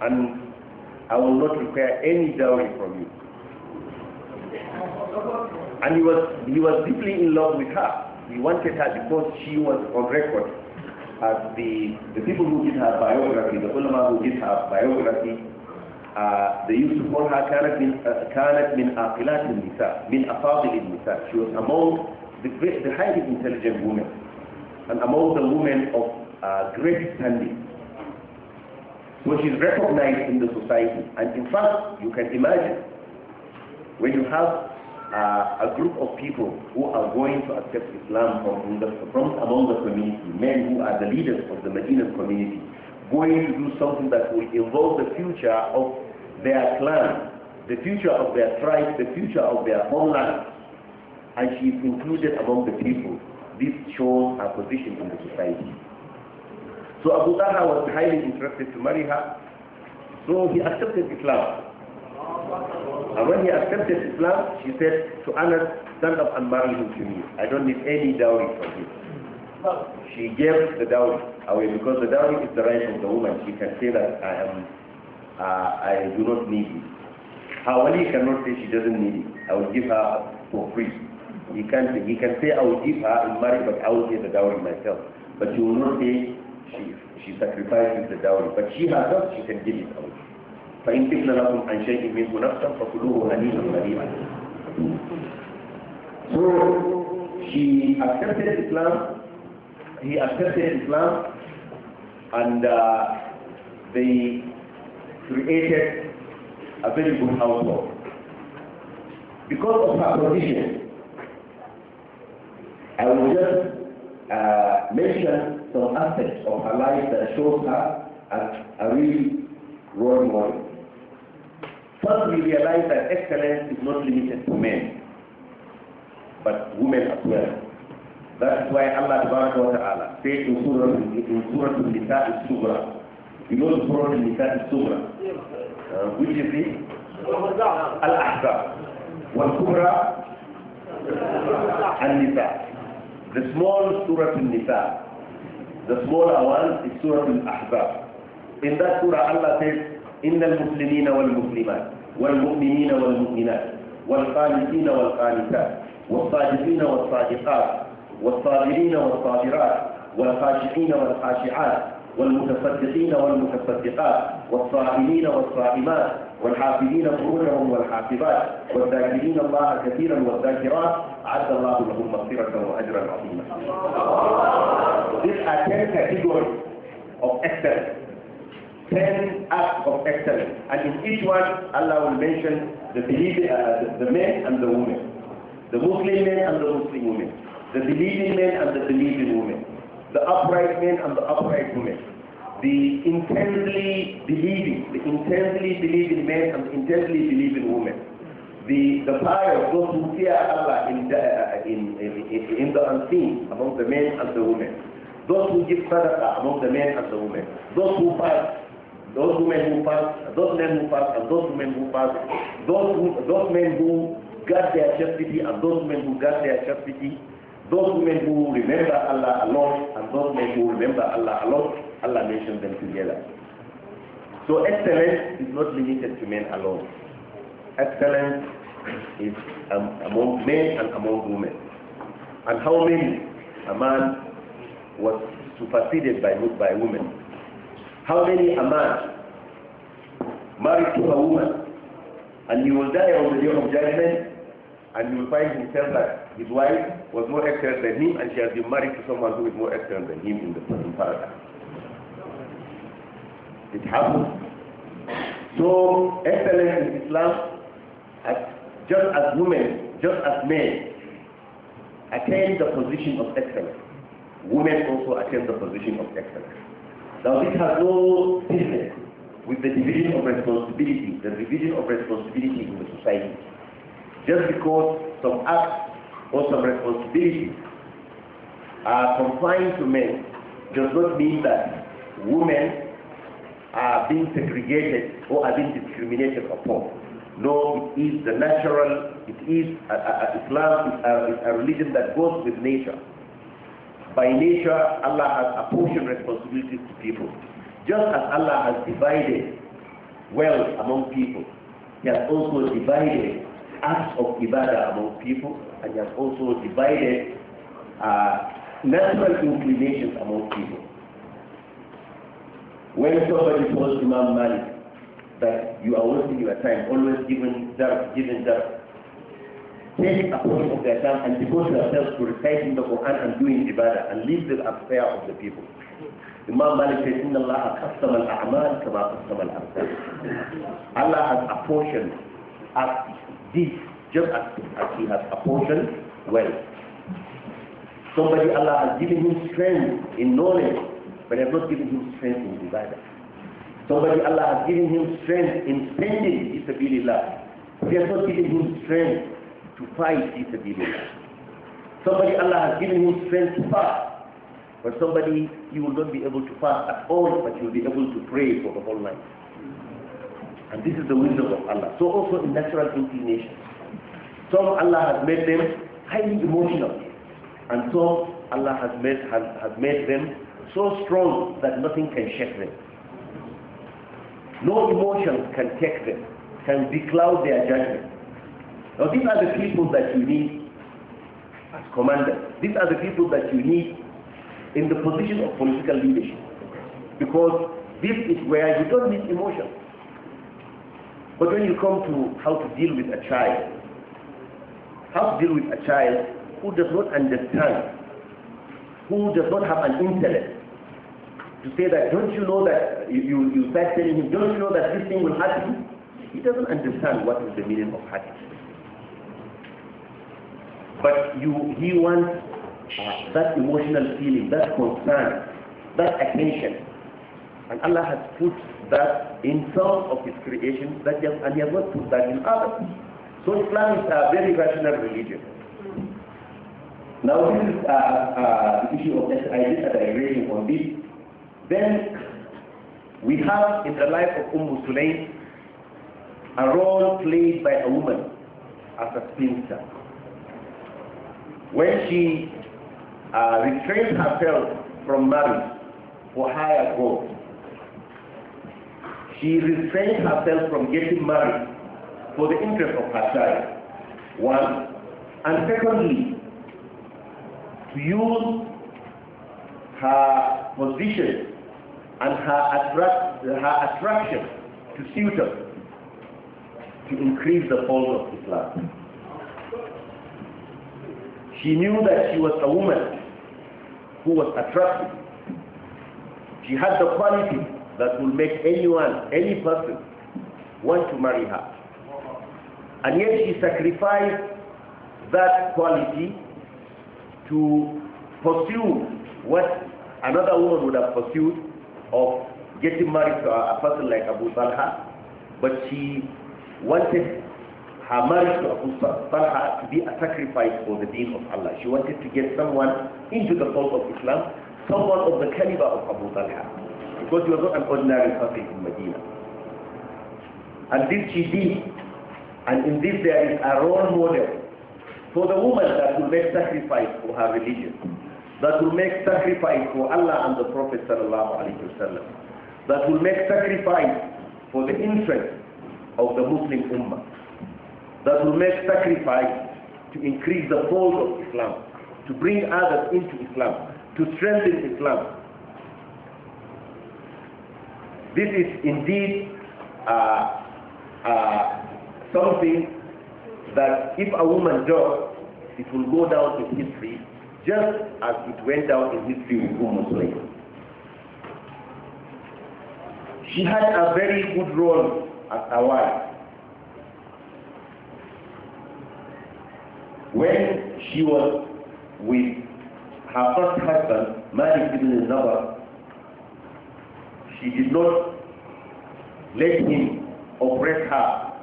and I will not require any dowry from you. And he was, he was deeply in love with her. He wanted her because she was on record as the, the people who did her biography, the ulama who did her biography, uh, they used to call her كانت من كانت من عاقلات النساء من أفاضل النساء. She was among the, great, the highly intelligent women and among the women of uh, great standing which is recognized in the society. And in fact, you can imagine when you have uh, a group of people who are going to accept Islam from, the, from among the community, men who are the leaders of the Medina community, going to do something that will involve the future of their clan, the future of their tribe, the future of their homeland. And she is included among the people. This shows her position in the society. So Abu Dara was highly interested to marry her. So he accepted Islam. And when he accepted Islam, she said to Anas, stand up and marry him to me. I don't need any dowry from him. She gave the dowry away because the dowry is the right of the woman. She can say that I am, uh, I do not need it. Hawali cannot say she doesn't need it. I will give her for free. He can, he can say I will give her in marriage, but I will give the dowry myself. But you will not say she is she sacrifices the dowry but she herself she can give it out فإن لكم عن شيء منه نفسا فكلوه So she accepted Islam he accepted Islam and uh, they created a very good household. Because of her position, I will just uh, mentioned some aspects of her life that shows her as a real role model. First, we realize that excellence is not limited to men, but women as well. That is why Allah wa ta'ala said in Surah, in Surah Al-Nisa Al-Sughra, you know the Surah Al-Nisa Al-Sughra, uh, which is the Al-Ahzab, Wal-Kubra, Al-Nisa. The small Surah Al-Nisa, the smaller one is Surah Al-Ahzab. In that Surah Allah says, إن المسلمين والمسلمات والمؤمنين والمؤمنات والقانتين والقانتات والصادقين والصادقات والصابرين والصابرات والخاشعين والخاشعات والمتصدقين والمتصدقات والصائمين والصائمات والحافظين فروجهم والحافظات والذاكرين الله كثيرا والذاكرات الله لهم مغفرة وأجرا عظيما. are 10 categories of excellence. 10 acts of excellence. And in each one, Allah will mention the, believing, uh, the men and the women, the Muslim men and the Muslim women, the believing men and the believing women, the upright men and the upright women the intensely believing, the intensely believing men and intensely believing women. The, the power of those who fear Allah in the, uh, in, in, in the unseen among the men and the women. Those who give sadaqah among the men and the women. Those who fast, those women who fast, those men who fast, and those women who fast. Those, who, those men who guard their chastity and those men who guard their chastity. Those women who remember Allah alone and those men who remember Allah alone. Allah mentioned them together. So excellence is not limited to men alone. Excellence is um, among men and among women. And how many a man was superseded by, by women? How many a man married to a woman and he will die on the day of judgment and you will find himself that his wife was more excellent than him and she has been married to someone who is more excellent than him in the in paradise. It happens. So, excellence in Islam, as, just as women, just as men, attain the position of excellence. Women also attain the position of excellence. Now, this has no business with the division of responsibility, the division of responsibility in the society. Just because some acts or some responsibilities are confined to men does not mean that women are being segregated or are being discriminated upon. No, it is the natural, it is, uh, uh, uh, Islam is a, is a religion that goes with nature. By nature, Allah has apportioned responsibilities to people. Just as Allah has divided wealth among people, He has also divided acts of ibadah among people, and He has also divided uh, natural inclinations among people. When somebody tells Imam Malik that you are wasting your time, always giving that, giving that, take a portion of their time and devote yourself to reciting the Quran and doing ibadah and leave the affair of the people. Imam Malik says, Inna Allah custom al a'mal kama custom al Allah has apportioned as this, just as, as He has apportioned wealth. Somebody Allah has given him strength in knowledge but I've not given him strength in ibadah. Somebody Allah has given him strength in spending love. He has not given him strength to fight disability. Somebody Allah has given him strength to fast. But somebody he will not be able to fast at all, but he will be able to pray for the whole night. And this is the wisdom of Allah. So also in natural inclinations. Some Allah has made them highly emotional. And some Allah has made, has, has made them so strong that nothing can shake them. No emotion can take them, can becloud their judgment. Now these are the people that you need as commanders. These are the people that you need in the position of political leadership. Because this is where you don't need emotion. But when you come to how to deal with a child, how to deal with a child who does not understand, who does not have an intellect, to say that, don't you know that, you, you, start telling him, don't you know that this thing will happen? He doesn't understand what is the meaning of hadith. But you, he wants uh, that emotional feeling, that concern, that attention. And Allah has put that in some of His creation, that he has, and He has not put that in others. So Islam is a very rational religion. Now this is uh, uh, the issue of this. Uh, I did a digression on this. Then we have in the life of Umm Sulaim a role played by a woman as a spinster. When she uh, restrained herself from marriage for higher goals, she restrained herself from getting married for the interest of her child, one. And secondly, to use her position and her, attract, her attraction to suitors to increase the fold of Islam. She knew that she was a woman who was attractive. She had the quality that would make anyone, any person, want to marry her. And yet she sacrificed that quality to pursue what another woman would have pursued of getting married to a person like Abu Talha, but she wanted her marriage to Abu Talha to be a sacrifice for the deen of Allah. She wanted to get someone into the fold of Islam, someone of the caliber of Abu Talha, because he was not an ordinary person in Medina. And this she did, and in this there is a role model for the woman that will make sacrifice for her religion that will make sacrifice for Allah and the Prophet وسلم, that will make sacrifice for the interest of the Muslim Ummah, that will make sacrifice to increase the fold of Islam, to bring others into Islam, to strengthen Islam. This is indeed uh, uh, something that if a woman does, it will go down in history just as it went down in history with umm She had a very good role as a wife. When she was with her first husband, Malik ibn Nabar, she did not let him oppress her,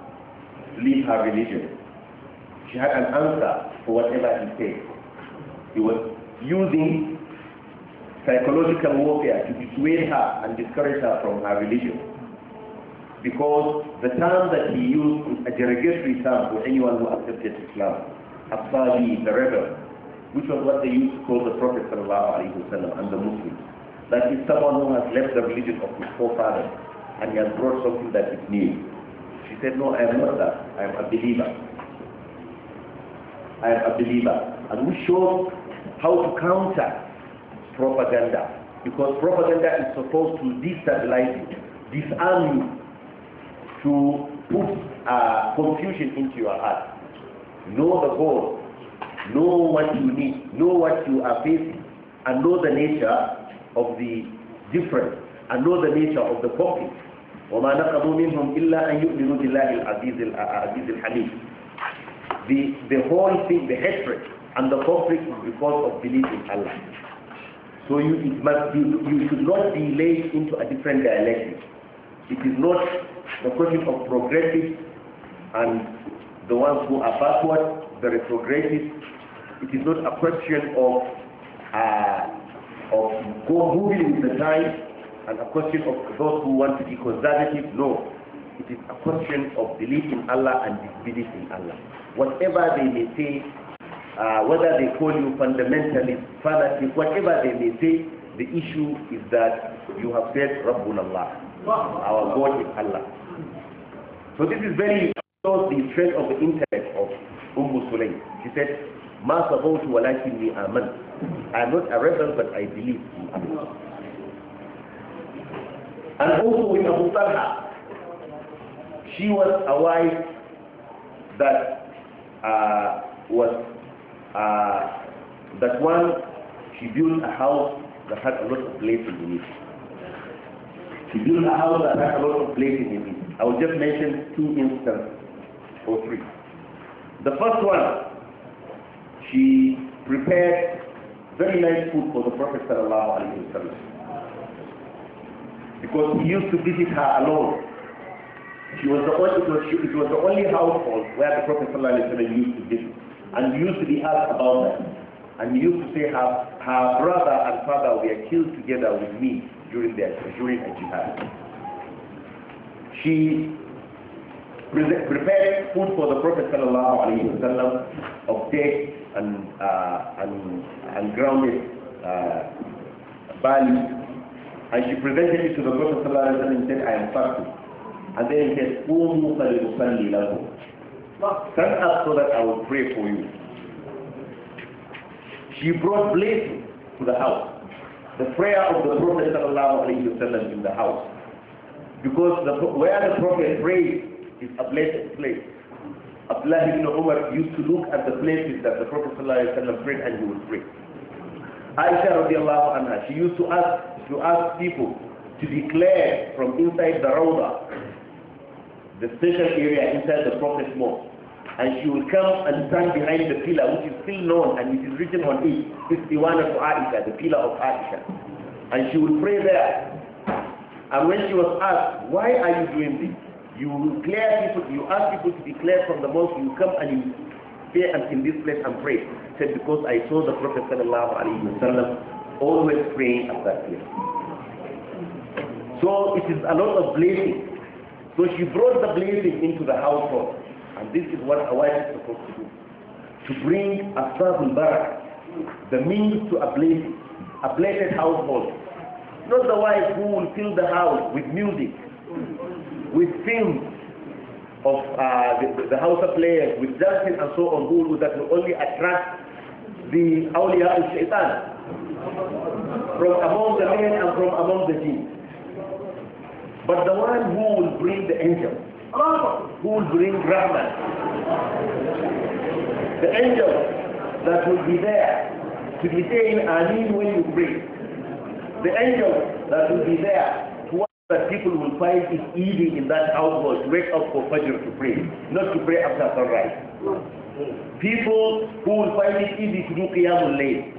leave her religion. She had an answer for whatever he said. He was using psychological warfare to dissuade her and discourage her from her religion. Because the term that he used was a derogatory term for anyone who accepted Islam, Asali, the rebel, which was what they used to call the Prophet وسلم, and the Muslims. That is someone who has left the religion of his forefathers and he has brought something that is new. She said, no, I am not that. I am a believer. I am a believer. And we showed how to counter propaganda. Because propaganda is supposed to destabilize you, disarm you, to put uh, confusion into your heart. Know the goal, know what you need, know what you are facing, and know the nature of the difference, and know the nature of the conflict. وما نقضوا منهم إلا أن يؤمنوا بالله العزيز الحميد. The, the whole thing, the hatred and the conflict is because of belief in Allah. So you, it must be, you should not be led into a different dialectic. It is not the question of progressive and the ones who are backward, the retrogressive. It is not a question of uh, of go moving with the time and a question of those who want to be conservative. No, it is a question of belief in Allah and disbelief in Allah. Whatever they may say uh, whether they call you fundamentalist, fanatic, whatever they may say, the issue is that you have said Rabbul Allah. Our God is Allah. So this is very shows the strength of the intellect of Umm Sulaim. She said, Ma sabawtu walakinni aman. I'm not a rebel, but I believe in Allah. And also with Abu Talha, she was a wife that uh, was uh, that one, she built a house that had a lot of blessings in it. She built a house that had a lot of blessings in it. I will just mention two instances, or three. The first one, she prepared very nice food for the Prophet because he used to visit her alone. She was the only, it, was, it was the only household where the Prophet used to visit. And we used to be asked about that. And we used to say her, her brother and father were killed together with me during, the during a jihad. She prepared food for the Prophet sallallahu alaihi wasallam of dates and, uh, and, and grounded uh, barley. And she presented it to the Prophet sallallahu wasallam and said, I am fasting. And then he said, you فلنصلي لكم Stand up so that I will pray for you. She brought blessing to the house. The prayer of the Prophet Wasallam in the house. Because the, where the Prophet prays is a blessed place. Abdullah ibn Umar used to look at the places that the Prophet Wasallam prayed and he would pray. Aisha radiallahu anha, she used to ask, to ask people to declare from inside the Rawdah, the special area inside the Prophet's mosque, and she will come and stand behind the pillar which is still known and it is written on it. fifty-one of Aisha, the pillar of Aisha. And she will pray there. And when she was asked, why are you doing this? You declare people, you ask people to declare from the mosque, you come and you stay in this place and pray. She said, because I saw the Prophet sallallahu alayhi wa sallam always praying at that place. So it is a lot of blessing. So she brought the blessing into the household. And this is what a wife is supposed to do. To bring a husband back, the means to a blessed, a blessed household. Not the wife who will fill the house with music, with films of uh, the, the house of players, with dancing and so on, who that will only attract the awliya of shaitan from among the men and from among the jinn. But the one who will bring the angels, who will bring Rahmah? The angel that will be there to detain saying Amin when you pray. The angel that will be there to watch that people will find it easy in that household to wake up for Fajr to pray, not to pray after sunrise. People who will find it easy to do Qiyamul Layl.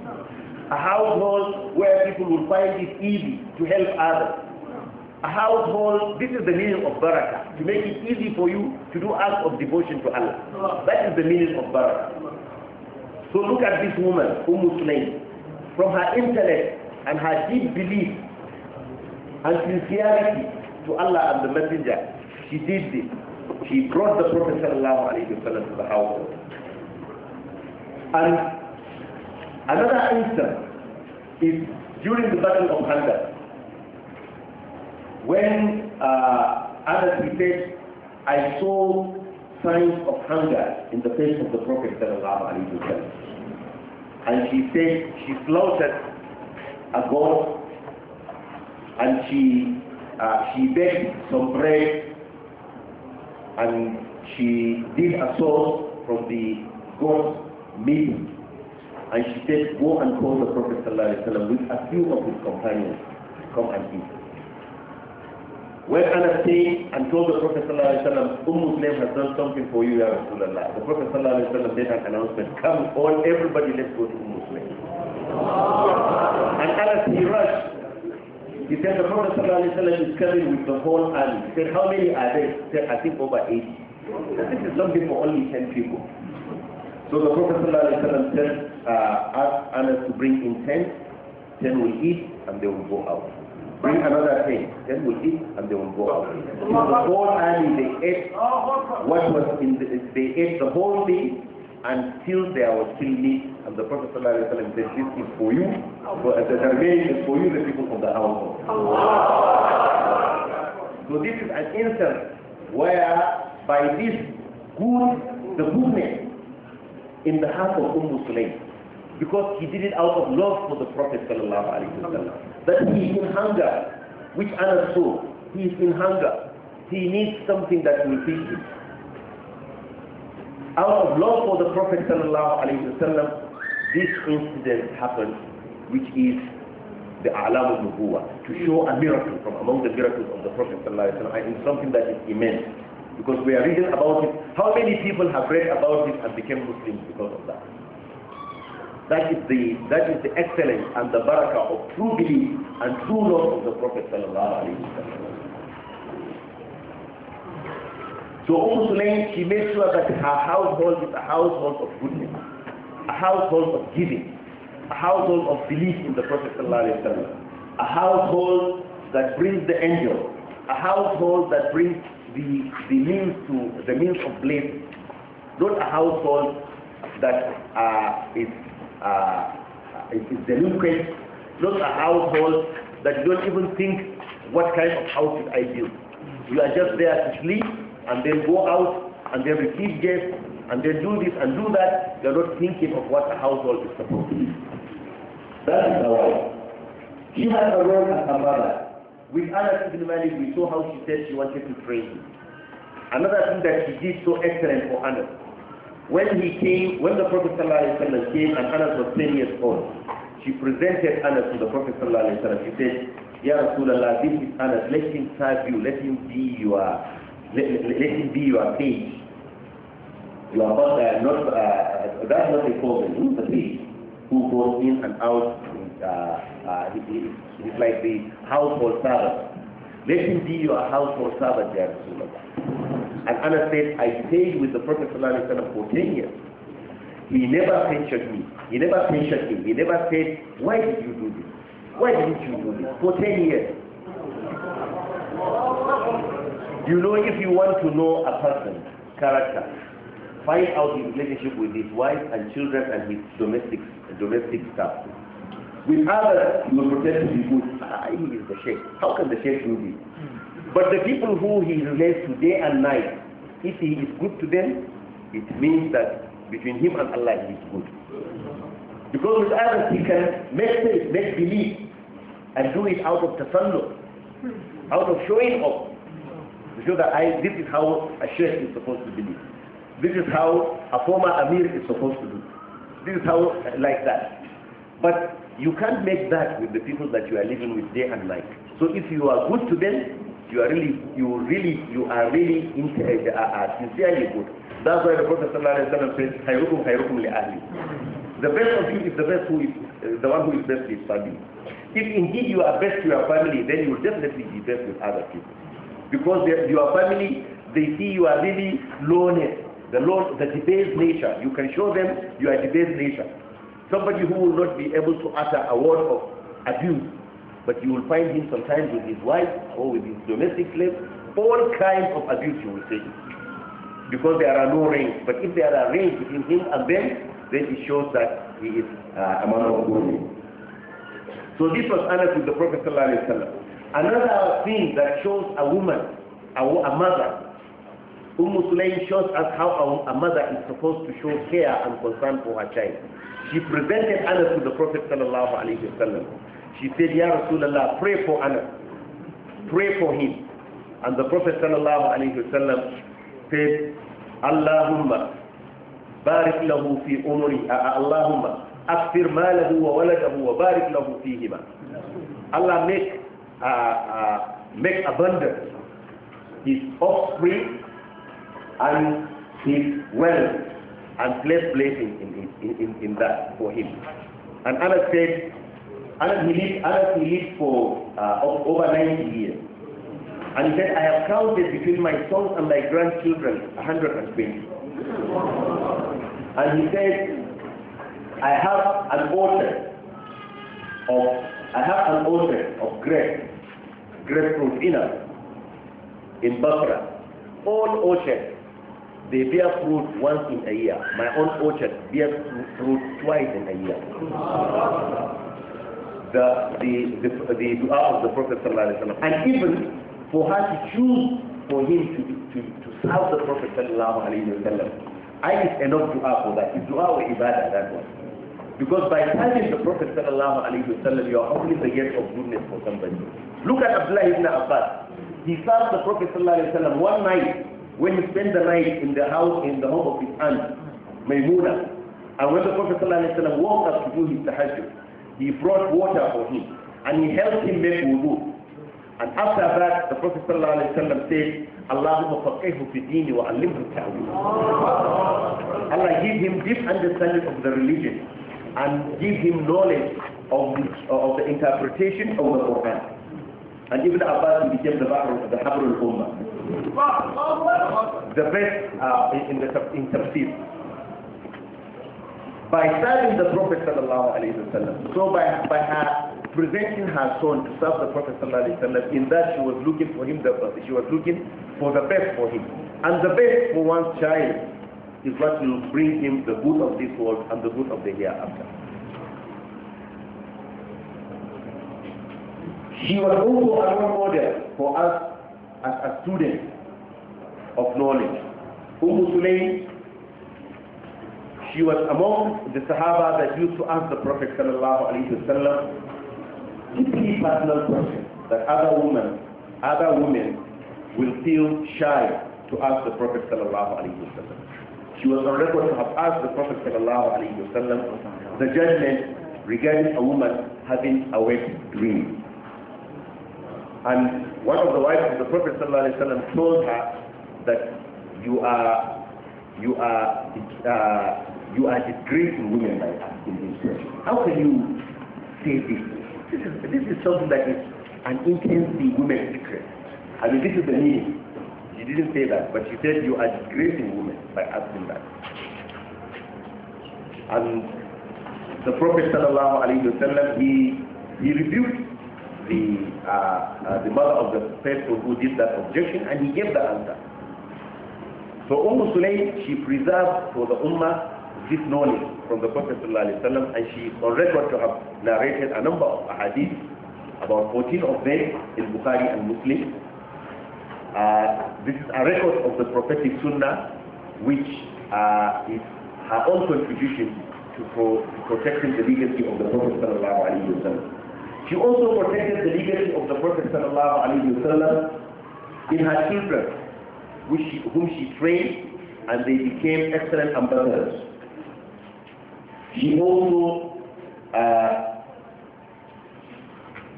A household where people will find it easy to help others household, this is the meaning of barakah. To make it easy for you to do acts of devotion to Allah. That is the meaning of barakah. So look at this woman, Umm Sulaim. From her intellect and her deep belief and sincerity to Allah and the Messenger, she did this. She brought the Prophet ﷺ to the household. And another instance is during the Battle of Khandaq when uh, Anas said, I saw signs of hunger in the face of the Prophet and she said she slaughtered a goat and she uh, she baked some bread and she did a sauce from the goat meat and she said go and call the Prophet with a few of his companions come and eat. Where Anas came and told the Prophet ﷺ, Umm Muslim has done something for you, Ya Rasulullah. The Prophet ﷺ made an announcement, come all, everybody, let's go to Umm Muslim. And Anas, he rushed. He said, the Prophet ﷺ is coming with the whole army. He said, how many are there? He said, I think over 80. This is something for only 10 people. So the Prophet ﷺ said, uh, asked Anas to bring in 10, 10 will eat, and they will go out bring another thing, then we eat and they will go out. the whole army, they ate what was in the, they ate the whole thing until there was still meat. And the Prophet ﷺ said, this is for you, for, the remaining is for you, the people of the house." So this is an instance where by this good, the goodness in the heart of Umm Sulaim, because he did it out of love for the Prophet Wasallam that he is in hunger, which Anna saw. He is in hunger. He needs something that will feed him. Out of love for the Prophet وسلم, this incident happened, which is the alam of nubuwa, to show a miracle from among the miracles of the Prophet وسلم, and something that is immense. Because we are reading about it. How many people have read about it and became Muslims because of that? That is the that is the excellence and the barakah of true belief and true love of the Prophet sallallahu So Umm Sulaim, she made sure that her household is a household of goodness, a household of giving, a household of belief in the Prophet sallallahu a household that brings the angel, a household that brings the the means to the means of blessing, not a household that uh, is uh, is delinquent, not a household that you don't even think what kind of house should I You are just there to sleep and then go out and then receive guests and then do this and do that. You are not thinking of what a household is supposed to be. That is the wife. She has a role as a mother. With Anas ibn we saw how she said she wanted to train Another thing that she did so excellent for Anas when he came, when the Prophet ﷺ came and Anas was 10 years old, she presented Anas to the Prophet ﷺ. She said, Ya Rasulallah, this is Anas, let him serve you, let him be your, let, let him be your page. You are not, uh, not uh, that's not a problem, he's a page who goes in and out, and, uh, uh he's like the household servant. Let him be your household servant, Ya Rasulallah. And Anas said, I stayed with the Prophet ﷺ for 10 years. He never censured me. He never censured him. He never said, why did you do this? Why didn't you do this? For 10 years. You know, if you want to know a person, character, find out his relationship with his wife and children and his domestic, domestic staff. With others, you will pretend to be good. Ah, he is the sheikh. How can the sheikh do this? But the people who he relates to day and night, if he is good to them, it means that between him and Allah he is good. Because with others he can make faith, make believe, and do it out of tasallu, out of showing off. To show that I, this is how a sheikh is supposed to believe. This is how a former Amir is supposed to do. This is how, like that. But you can't make that with the people that you are living with day and night. So if you are good to them, you are really, you really, you are really inter- uh, uh, sincerely good. That's why the Prophet ﷺ says, "Hayrukum hayrukum li ahli." The best of you is the best who is uh, the one who is best with family. If indeed you are best to your family, then you will definitely be best with other people, because your family they see you are really lowly, the low, the debased nature. You can show them you are debased nature. Somebody who will not be able to utter a word of abuse but you will find him sometimes with his wife or with his domestic slave. All kinds of abuse you will see. Because there are no rings. But if there are rings between him and them, then it shows that he is uh, a man of good So this was Anas with the Prophet ﷺ. Another thing that shows a woman, a, a mother, Umm Sulaim shows us how a, a mother is supposed to show care and concern for her child. She presented Anas to the Prophet sallallahu alaihi wasallam. She said, Ya Rasulullah, pray for Anas. Pray for him. And the Prophet sallallahu said, Allahumma barik lahu fi umri, Allahumma akfir malahu wa waladahu wa barik lahu fihima. Allah make, uh, uh, make abundant his offspring and his wealth and place blessing in, in, in, in that for him. And Anas said, I have lived, Anas, lived for uh, over 90 years. And he said, I have counted between my sons and my grandchildren 120. And he said, I have an orchard, of, I have an altar of grape, grapefruit inner in Basra. All orchards, they bear fruit once in a year. My own orchard bears fruit twice in a year the, the, the, the dua of the Prophet and even for her to choose for him to, to, to serve the Prophet I is enough dua for that. It's dua or ibadah, that one. Because by serving the Prophet you are opening the gate of goodness for somebody. Look at Abdullah ibn Abbas. He served the Prophet one night when he spent the night in the house, in the home of his aunt, Maymuna. And when the Prophet walked up to do his tahajjud, he brought water for him and he helped him make wudu. And after that, the Prophet ﷺ said, Allahumma faqihu fi dini wa allimhu ta'wil. Allah give him deep understanding of the religion and give him knowledge of the, of the interpretation of the Quran. And even Abbas became the Bahr of the Habrul ummah The best uh, in, the, in tafsir by serving the Prophet sallallahu alaihi wasallam. So by, by her presenting her son to serve the Prophet sallallahu alaihi wasallam, in that she was looking for him, the, she was looking for the best for him. And the best for one's child is what will bring him the good of this world and the good of the hereafter. She was also a role model for us as a student of knowledge. Umm Sulaim she was among the Sahaba that used to ask the Prophet sallallahu alaihi wasallam deeply personal question that other women, other women will feel shy to ask the Prophet sallallahu alaihi wasallam. She was on record to have asked the Prophet sallallahu alaihi wasallam the judgment regarding a woman having a wet dream. And one of the wives of the Prophet ﷺ told her that you are, you are uh, you are degrading women by asking this question. How can you say this? This is, this is something that is an intensely women's secret. I mean, this is the meaning. You didn't say that, but you said you are degrading women by asking that. And the Prophet sallallahu alaihi wasallam, he he rebuked the uh, uh, the mother of the person who did that objection, and he gave the answer. So Umm Sulaym, she preserved for the Ummah this knowledge from the Prophet ﷺ and she is on record to have narrated a number of hadiths, about 14 of them in Bukhari and Muslim. Uh, this is a record of the prophetic sunnah which uh, is her own contribution to, pro to protecting the legacy of the Prophet ﷺ. She also protected the legacy of the Prophet ﷺ in her children, which she, whom she trained and they became excellent ambassadors. He also uh,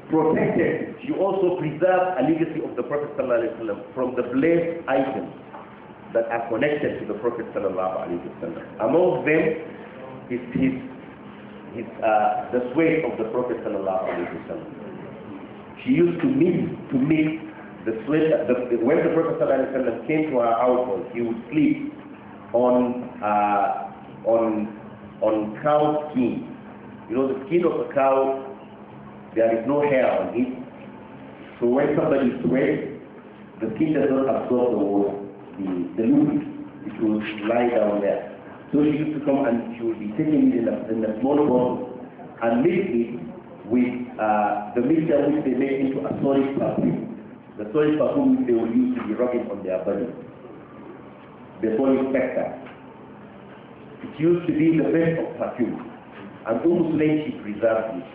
protected, she also preserved a legacy of the Prophet from the blessed items that are connected to the Prophet Among them is his, his, uh, the sweat of the Prophet She used to meet to make the sweat, the, when the Prophet came to her household, he would sleep on, uh, on on cow skin. You know, the skin of a cow, there is no hair on it. So when somebody sweats, the skin does not absorb the water, the, the liquid. It will lie down there. So she used to come and she would be taking it in a, in a small bottle and mix it with uh, the mixture which they make into a solid perfume. The solid perfume they will use to be rubbing on their body. The solid spectre. It used to be the best of perfume. And almost Sulaym, she preserved it.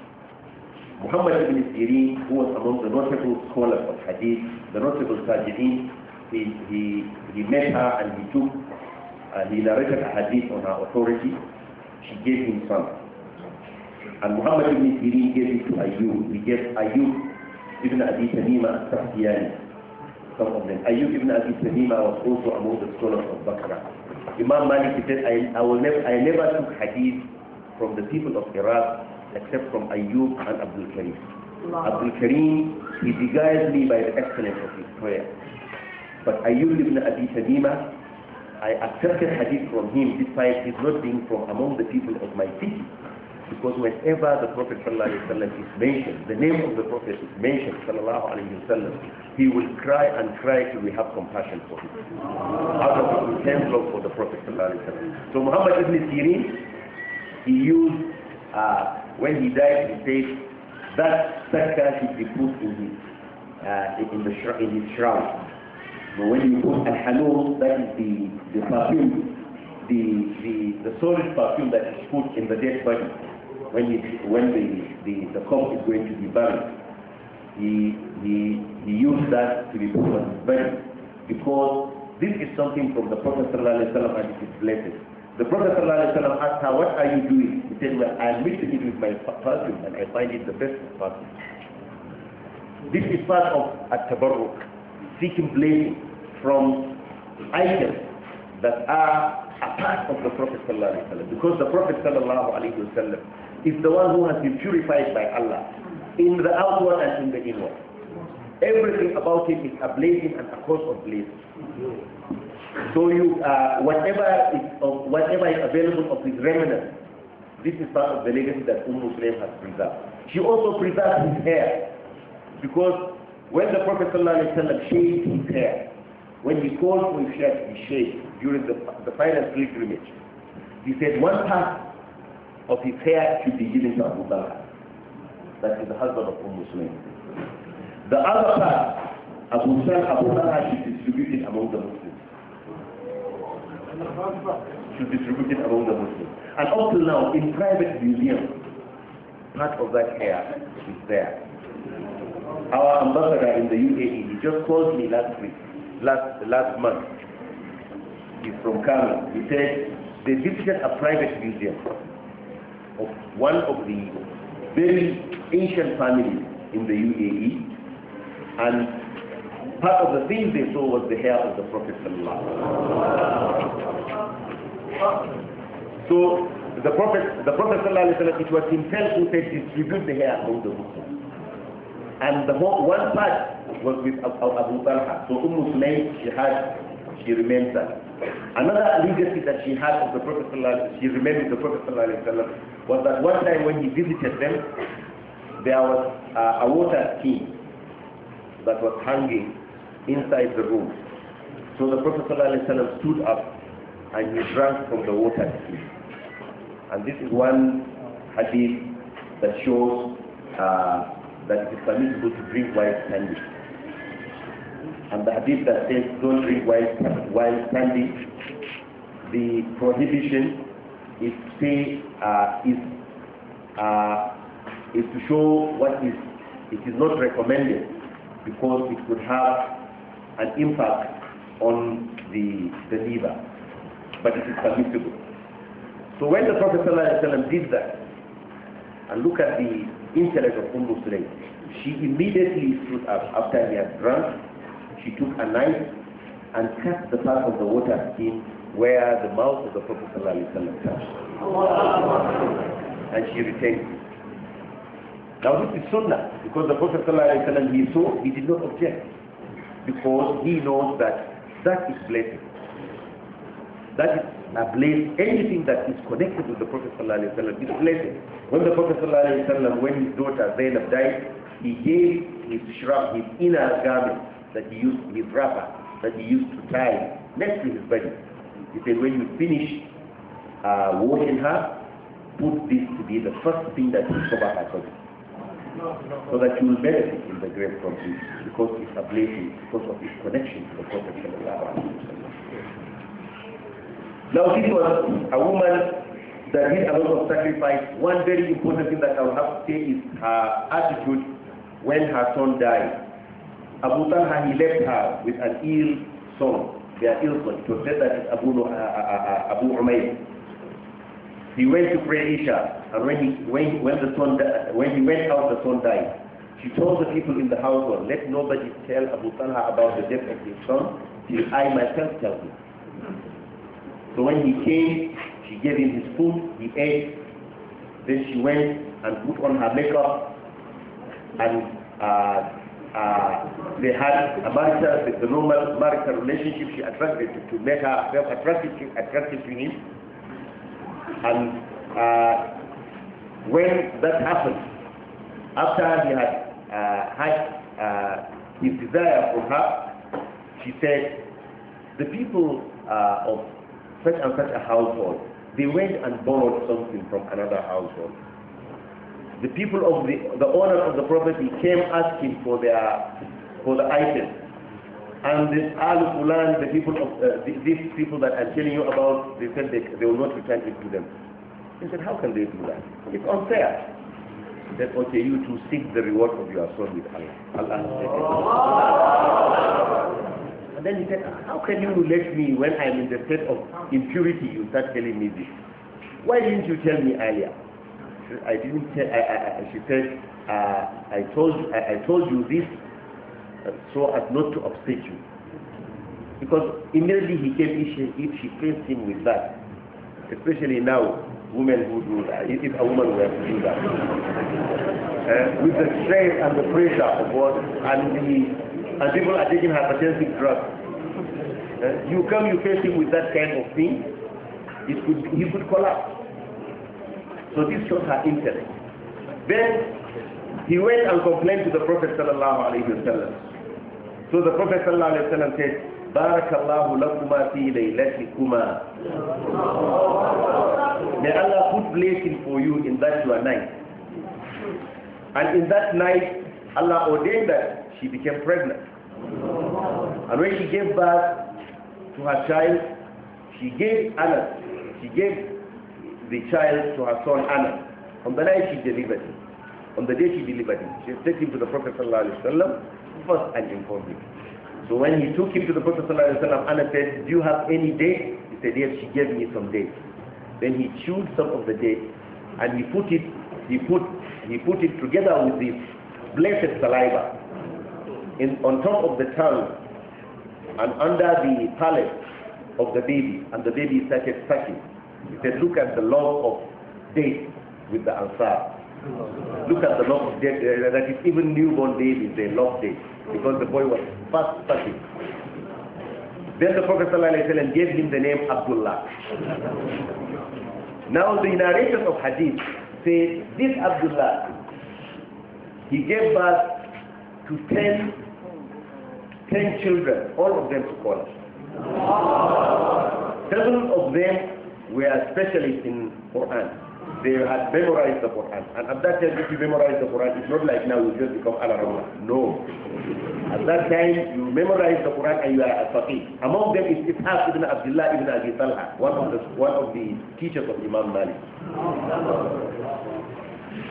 Muhammad ibn Sirin, who was among the notable scholars of hadith, the notable tajideen, he, he, he met her and he took, and he narrated a hadith on her authority. She gave him some. And Muhammad ibn Sirin gave it to Ayyub. He gave Ayyub ibn Abi Tamima al-Sahdiyani some of them. Ayub ibn Abi Tamima was also among the scholars of Basra. Imam Malik said, I, I, will never, I never took hadith from the people of Iraq except from Ayub and Abdul Karim. Wow. Abdul Karim, he beguiled me by the excellence of his prayer. But Ayub ibn Abi Tamima, I accepted hadith from him despite his not being from among the people of my city. Because whenever the Prophet ﷺ is mentioned, the name of the Prophet is mentioned, وسلم, he will cry and cry till we have compassion for him. Out of intense love for the Prophet. ﷺ. So Muhammad ibn Sirin, he used, uh, when he died, he said, that zakah should be put in his, uh, in, the in his shroud. But when you put al-hanur, that is the, the perfume, the, the, the solid perfume that is put in the dead body when, when the, the, the corpse is going to be buried, he, he, he used that to be put on his body because this is something from the Prophet ﷺ and it is blessed. The Prophet ﷺ asked her, what are you doing? He said, well, I'm mixing it with my perfume and I find it the best of perfume. This is part of at-tabarruk, seeking blessing from items that are a part of the Prophet because the Prophet Wasallam is the one who has been purified by Allah in the outward and in the inward. Everything about him is ablazing and a cause of blaze. So you, uh, whatever is of, uh, whatever is available of his remnants, this is part of the legacy that Umm Muslim has preserved. She also preserved his hair because when the Prophet ﷺ shaved his hair, when he called for his hair to be shaved during the, the final pilgrimage, he said one part of his hair should be given to Abu Bakr. That is the husband of Umm Muslim. The other part, Abu Bakr, Abu Bakr should distribute it among the Muslims. Should distribute it among the Muslims. And up till now, in private museum, part of that hair is there. Our ambassador in the UAE, he just called me last week, last last month. He's from Kano. He said they visited a private museum of one of the very ancient families in the UAE. And part of the thing they saw was the hair of the Prophet So the Prophet, the Prophet it was himself who said distribute the hair among the Muslims. And the whole, one part was with Abu Talha. So Umm Sulaim, she had, she remained there. Another legacy that she had of the Prophet she remained with the Prophet was that one time when he visited them, there was a water skin that was hanging inside the room. So the Prophet stood up and he drank from the water skin. And this is one hadith that shows uh, that it is permissible to drink while standing and the hadith that says don't drink while, while standing, the prohibition is, say, uh, is, uh, is to show what is, it is not recommended because it could have an impact on the, the liver, but it is permissible. So when the Prophet ﷺ did that, and look at the intellect of Umm Sulaym, she immediately stood up after he had drunk she took a knife and cut the part of the water skin where the mouth of the Prophet ﷺ touched. And she retained it. Now this is sunnah because the Prophet ﷺ he saw, he did not object because he knows that that is blessing. That is a blessing. Anything that is connected with the Prophet وسلم is blessing. When the Prophet وسلم when his daughter Zainab died, he gave his shrub, his inner garment that he used, his wrapper that he used to tie next to his body. He said, when you finish uh, washing her, put this to be the first thing that you cover her body. So that you will benefit in the grave from this because it's a blessing, because of its connection to the Prophet. Now this was a woman that did a lot of sacrifice. One very important thing that I will have to say is her attitude when her son died. Abu Talha, he left her with an ill son. They are ill son. It was said that it's Abu, uh uh, uh, uh, Abu He went to pray Isha, and when he, when, when, the son, when he went out, the son died. She told the people in the household, let nobody tell Abu Talha about the death of his son till I myself tell him. So when he came, she gave him his food, he ate. Then she went and put on her makeup and uh, uh, they had a marital, the, the normal marital relationship. She attracted to, to make herself attracted to, attractive to him. And uh, when that happened, after he had uh, had uh, his desire for her, she said, the people uh, of such and such a household, they went and borrowed something from another household the people of the, the owner of the property came asking for their for the item. And this Al Fulan, the people of uh, these people that I'm telling you about, they said they, they will not return it to them. He said, how can they do that? It's unfair. He said, okay, you to seek the reward of your soul with Allah. Allah And then he said, how can you let me when I'm in the state of impurity, you start telling me this? Why didn't you tell me earlier? I didn't tell, I, I, she said, uh, I, told, I, I told you this so as not to upset you. Because immediately he came, if she, if she faced him with that, especially now, women who do that, if a woman were to do that, uh, with the stress and the pressure of what, and the, and people are taking hypertensive drugs, uh, you come, you face him with that kind of thing, it could, he could collapse. So this shows her interest. Then he went and complained to the Prophet sallallahu alaihi wasallam. So the Prophet sallallahu alaihi wasallam said, "Barakallahu lakuma fi laylatikuma." May Allah put blessing for you in that your night. And in that night, Allah ordained that she became pregnant. And when she gave birth to her child, she gave Anas, she gave the child to her son Anna. On the night she delivered him. On the day she delivered him, she took him to the Prophet ﷺ first and informed him. So when he took him to the Prophet ﷺ, Anas said, do you have any date? He said, yes, she gave me some dates. Then he chewed some of the dates and he put it, he put, he put it together with this blessed saliva in, on top of the tongue and under the palate of the baby and the baby started sucking. They said, look at the love of date with the Ansar. Look at the love of date. Uh, that is even newborn babies they love date. Because the boy was fast touching. Then the Prophet ﷺ gave him the name Abdullah. now the narration of hadith say this Abdullah, he gave birth to ten, ten children, all of them scholars. Seven of them we are specialists in Quran. They had memorized the Quran. And at that time, if you memorize the Quran, it's not like now you just become Al-Arabah. No. At that time, you memorize the Quran and you are a faqih. Among them is Ishaq ibn Abdullah ibn Abi Talha, one of the, one of the teachers of Imam Malik.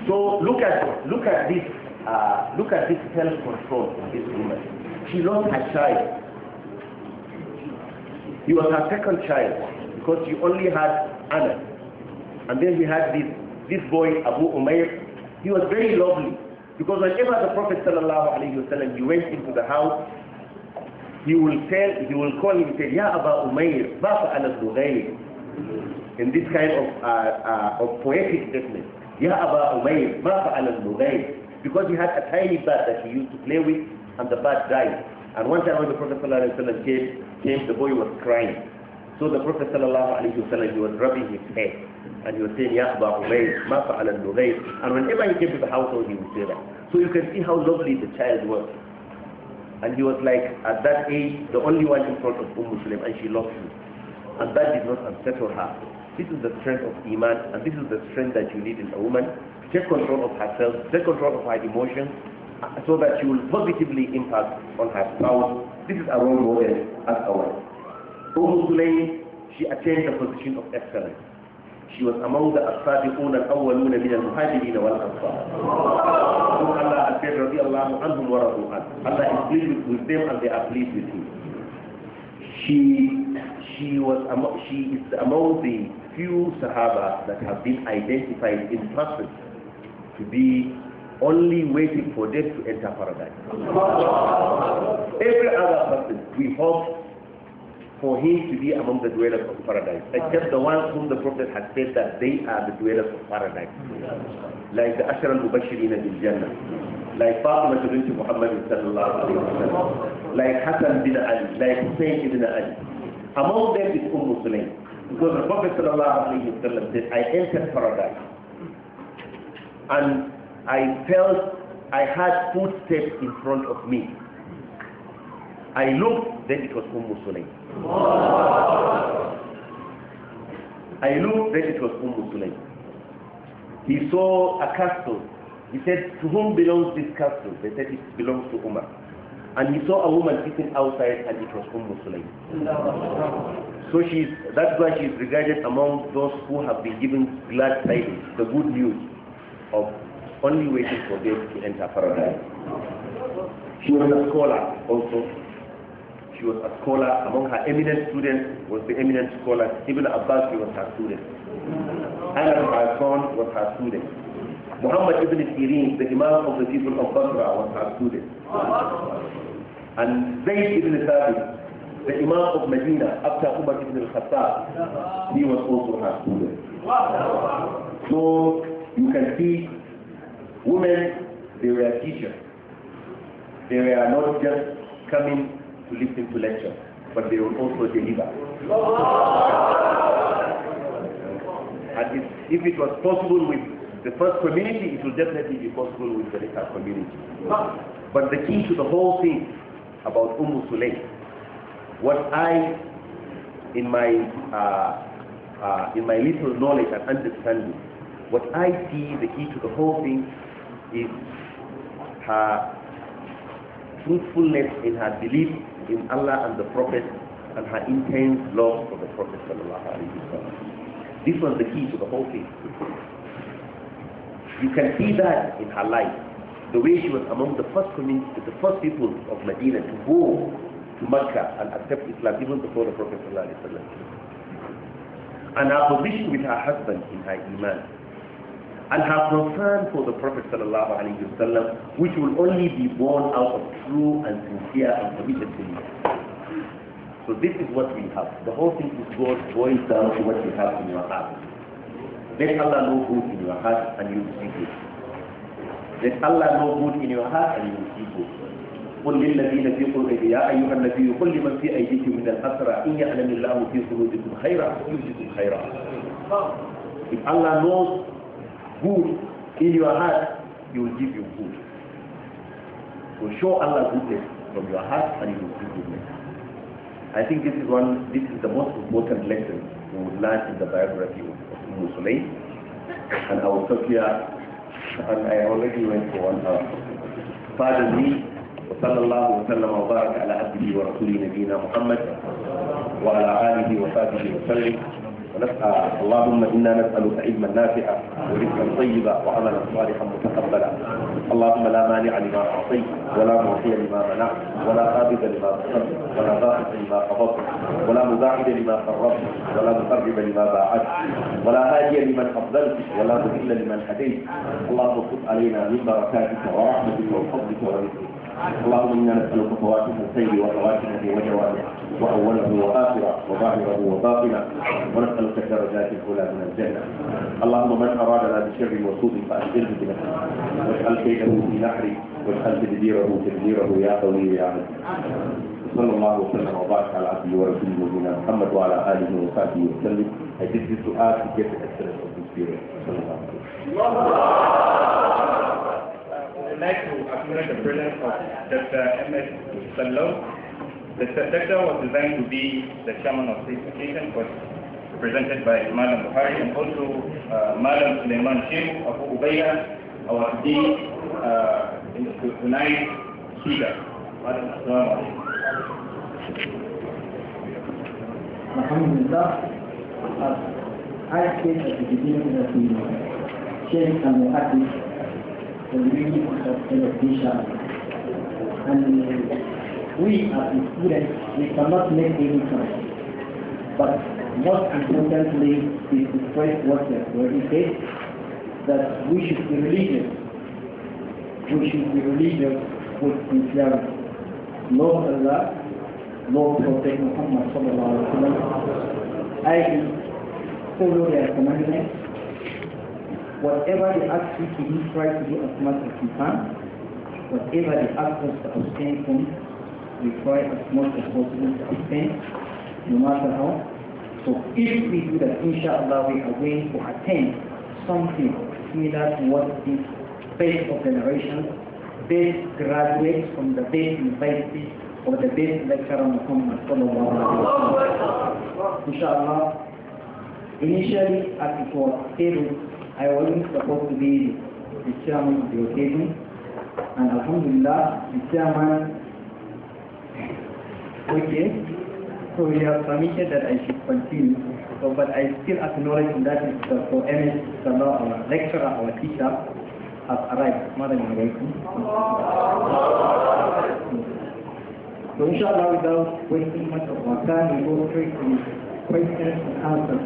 So look at, look at this uh, look at this self-control in this woman. She lost her child. He was her second child because you only had Anas. And then he had this, this boy, Abu Umair. He was very lovely because whenever the Prophet wasallam he went into the house, he will tell, he will call him and say, Ya Abu Umair, Bafa Anas Nughayr. In this kind of, uh, uh, of poetic statement. Ya Abu Umair, Bafa Anas Nughayr. Because he had a tiny bat that he used to play with and the bat died. And one time when the Prophet ﷺ came, came, the boy was crying. So the Prophet sallallahu he was rubbing his head and he was saying, Ya Aba Ubayr, ma fa'ala al And whenever he came to the household, he would say that. So you can see how lovely the child was. And he was like, at that age, the only one in front of Umm Muslim and she loved him. And that did not unsettle her. This is the strength of Iman and this is the strength that you need in a woman. Take control of herself, take control of her emotions, so that she will positively impact on her spouse. This is our role model as a wife. Umm Sulaym, she attained the position of excellence. She was among the as-sabiqun al-awwalun min al-muhajirin wal ansar. So Allah said radiyallahu anhum wa radu Allah is pleased with them and they are pleased with him. She she was among, she is among the few sahaba that have been identified in person to be only waiting for death to enter paradise. Every other person we hope for him to be among the dwellers of paradise, except the ones whom the Prophet has said that they are the dwellers of paradise, like the Ashar al-Mubashirin bin Jannah, like Fatima bint Muhammad sallallahu alayhi wa sallam, like Hassan bin Ali, like Hussein bin Ali. Among them is Umm Sulaim, because the Prophet sallallahu alayhi wa sallam said, I entered paradise, and I felt I had footsteps in front of me. I looked, then it was Umm Sulaim. I looked, then it was Umm Sulaim. He saw a castle. He said, to whom belongs this castle? They said, it belongs to Umar. And he saw a woman sitting outside and it was Umm Sulaim. So she's, that's why she's regarded among those who have been given glad tidings, the good news of only waiting for them to enter paradise. She was a scholar also she was a scholar. Among her eminent students was the eminent scholar Ibn Abbas was her student. Anas al-Afan was her student. Muhammad ibn Sirin, the Imam of the people of Basra, was her student. And Zayd ibn Thabit, the Imam of Medina, after Umar ibn al-Khattab, he was also her student. So you can see women, they were teachers. They were not just coming to listen to lecture, but they will also deliver. and if, if it was possible with the first community, it will definitely be possible with the later community. But the key to the whole thing about Umu Sulaym, what I, in my, uh, uh, in my little knowledge and understanding, what I see the key to the whole thing is her truthfulness in her belief in Allah and the Prophet and her intense love for the Prophet This was the key to the whole thing. You can see that in her life. The way she was among the first community, the first people of Medina to go to Mecca and accept Islam even before the Prophet ﷺ. And her position with her husband in her iman and her concern for the Prophet وسلم, which will only be born out of true and sincere and committed belief. So this is what we have. The whole thing is God boils down to what you have in your heart. Let Allah know good in your heart and you will see good. Let Allah know good in your heart and you will see good. قل للذين في قلوبهم يا ايها النبي قل لمن في ايديكم من الاسرى ان يعلم الله في قلوبكم خيرا يجزكم خيرا. If Allah knows good in your heart, He will give you good. So show Allah goodness from your heart and He will give goodness. I think this is one, this is the most important lesson we would learn in the biography of Muslim, And I will stop here, and I already went for one hour. Pardon me. وصلى الله وسلم وبارك على عبده ورسوله نبينا محمد وعلى اله وصحبه وسلم ونسأل اللهم إنا نسألك علما نافعا ورزقا طيبا وعملا صالحا متقبلا اللهم لا مانع لما أعطيت ولا معطي لما منعت ولا قابض لما قصدت ولا باقي لما قبضت ولا مباعد لما قربت ولا مقرب لما باعدت ولا هادي لمن أفضلت ولا مذل لمن هديت اللهم صب علينا من بركاتك ورحمتك وفضلك ورزقك اللهم إنا نسألك فواكه الخير وفواكه وجوامعه وأوله وآخره وظاهره وباطنه ونسألك الدرجات الأولى من الجنة اللهم من أرادنا بشر وسوء فأشغله بنفسه واجعل كيده في نحره واجعل تدبيره تدبيره يا قوي يا عزيز صلى الله وسلم وبارك على عبده ورسوله نبينا محمد وعلى اله وصحبه وسلم. I did this to ask to get the excellence of this period. صلى الله عليه وسلم. I'd like to acknowledge the presence of Dr. Ahmed Sallow. The sector was designed to be the chairman of this occasion, but represented by Madam Buhari and also uh, Madam Suleiman Sheikh Abu Ubayda, our dean uh, in the tonight speaker. Madam Assalamu Alhamdulillah, as I said at the beginning of the Sheikh and the artist, the meaning of the and we as a students, we cannot make any choice. But most importantly is the first worker where he says that we should be religious. We should be religious with sincerity. Love Allah, love Prophet Muhammad sallallahu alaihi wasallam. I follow their commandments. Whatever they ask you to do, try to do as much as you can. Whatever they ask us to abstain from, we try as much as possible to attend, no matter how. So if we do that, inshallah, we are going to attend something similar to what is best of the generation, best graduates from the best university or the best lecturer Muhammad sallallahu alaihi wasallam. Inshallah, initially as it was stated, I wasn't supposed to be the chairman of the occasion, and Alhamdulillah, the chairman Okay? So we have permitted that I should continue. So, but I still acknowledge that uh, for So MS Salah, our lecturer, our teacher, has arrived. Madam welcome. So inshallah, without wasting much of our time, we go straight to questions and answers.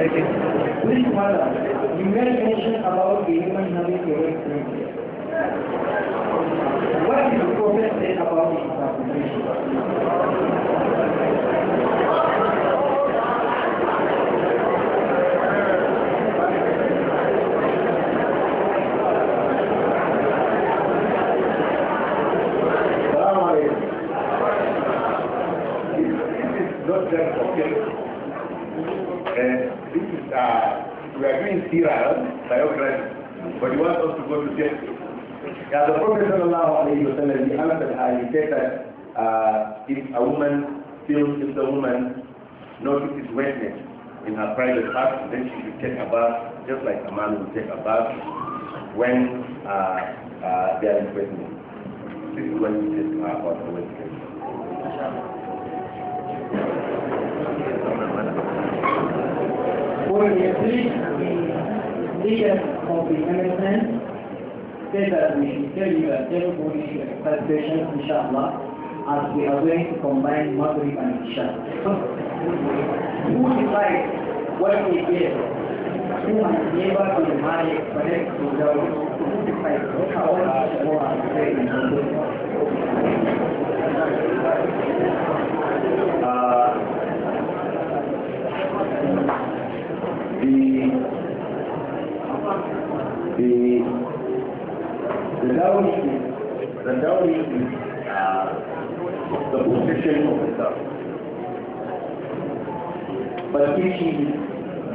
Which mother? You made mention about the human having a the Prophet say about the interpretation? Sirah, biography, but you want us to go to jail. Yeah, the Prophet sallallahu alayhi wa sallam, he answered her, he said that uh, if a woman feels, if the woman notices wetness in her private part, then she should take a bath, just like a man would take a bath when uh, uh, they are in wetness. This is when you take her out of wetness. Thank you niyyar says that we should tell you that as we are going to combine Maghrib and Isha. Who decides what they get. Who has never to the Malik, connect to the Who decides what our Quran is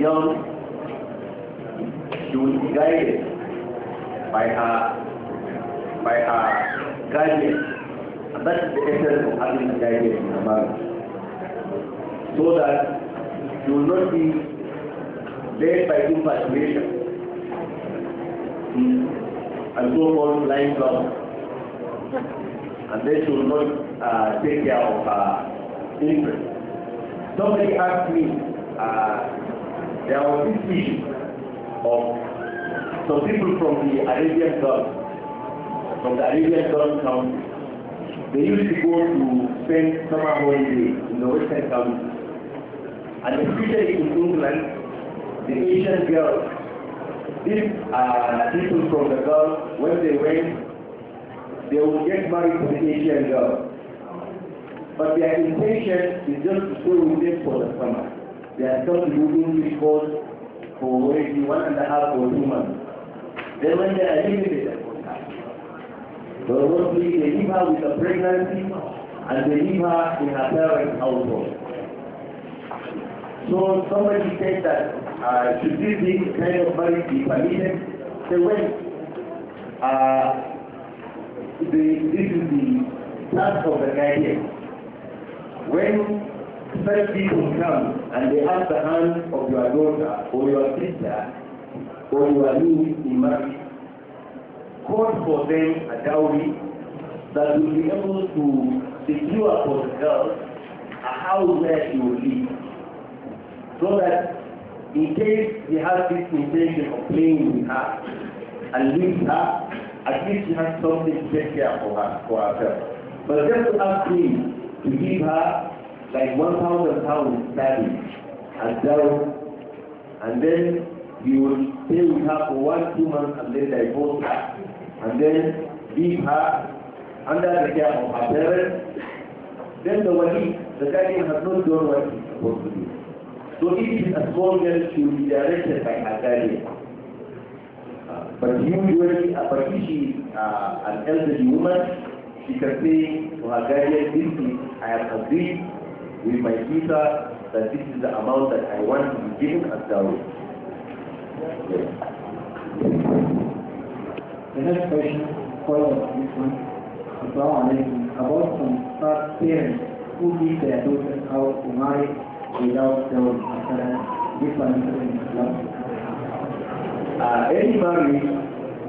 young, she will be guided by her by her guidance. And that is the essence of having a guardian in a marriage. So that you will not be led by infatuation and so on, blind down. And then she will not uh, take care of her uh, interest. Somebody asked me uh, there was this issue of some people from the Arabian Gulf, from the Arabian Gulf country. They used to go to spend summer holiday in the Western countries. And especially in England, the Asian girls, these uh, people from the Gulf, when they went, they would get married to the Asian girl. But their intention is just to stay with them for the summer. They are some who do this course for maybe one and a half or two months. Then when they are limited, So mostly they leave her with a pregnancy and they leave her in her parents' household. So somebody said that uh, should this be kind of marriage be permitted? Say well, uh, the, this is the task of the guardian. When such people come and they ask the hand of your daughter or your sister or your niece in marriage, call for them a dowry that will be able to secure for the girl a house where she will live. So that in case he has this intention of playing with her and leave her, at least she has something to take care for her, for herself. But just to ask him to give her like 1,000 pounds sterling and and then you will stay with her for one, two months and then divorce her, and then leave her under the care of her parents. Then the wali, the guardian has not done what he's supposed to do. So if it is a small girl, she will be directed by her guardian. Uh, but usually, uh, but if she is uh, an elderly woman, she can say to her guardian, this is, I have agreed with my visa, that this is the amount that I want to be given as dowry. Yes. The next question follows this one. About some start parents who give their daughters out to marry without dowry after different in Islam. Uh, any marriage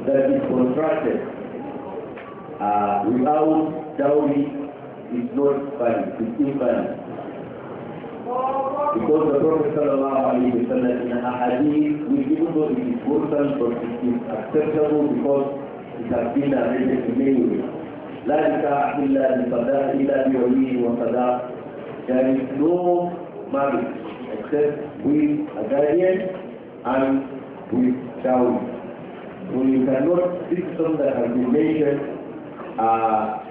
that is contracted uh, without dowry is not valid, it's invalid. Because the Prophet sallallahu in a hadith, which even though it is important, but it is acceptable because it has been narrated in many ways. لا نكاح إلا بصداق إلا بعلي وصداق. There is no marriage except with a guardian and with dowry. So you cannot, this is something that has been mentioned uh,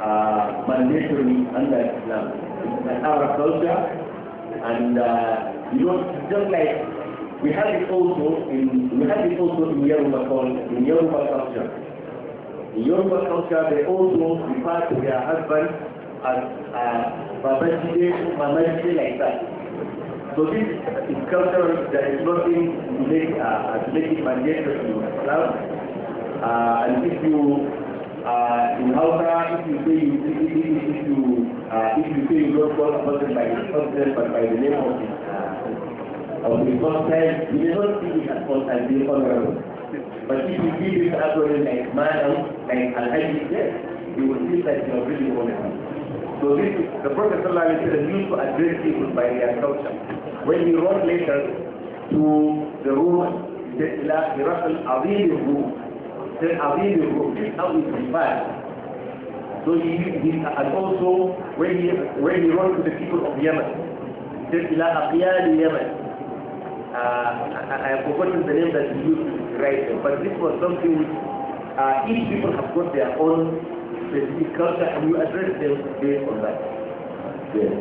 uh, mandatory under Islam. It's an Arab culture, and uh, you don't just like we have it also in we have it also in Yoruba culture. In Yoruba culture, in Yoruba culture, they also refer to their husband as babajide, uh, babajide like that. So this is culture that is nothing to make uh, to make it mandatory in Islam. Uh, and if you uh, in Hausa, if you say you if you if you, uh, if you say you don't call a person by his first name but by the name of his uh, of his first name, you may not see it at first as the honorable. But if you give it acronym like madam, like alhaji, yes, you will feel that you are really honorable. So this is, the Prophet used to address people by their culture. When he wrote letters to the Romans, he said, إلى خرق العظيم الروم then say available, how is defined. So he, he and also when he when he wrote to the people of Yemen, he said إلى أقيال Yemen. Uh, I, I have forgotten the name that he used to describe them, but this was something which uh, each people have got their own specific culture, and you address them based on that. Yes.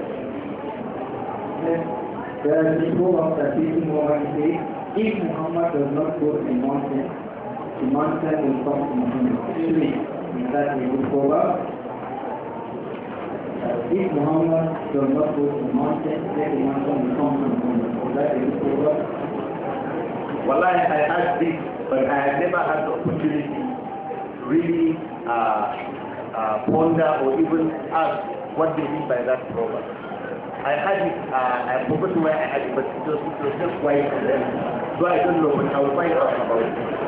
There are people of the teaching woman say, if Muhammad does not go to the mountain, iman kan will come that we would go up. If Muhammad does not go to the then the mountain will come that we would go up. Wallahi, I had this, but I have never had the opportunity to really uh, uh, ponder or even ask what they mean by that proverb. I had it, uh, I forgot where I had it, but it was, it was just quiet and then, so I don't know, but I will find out about it.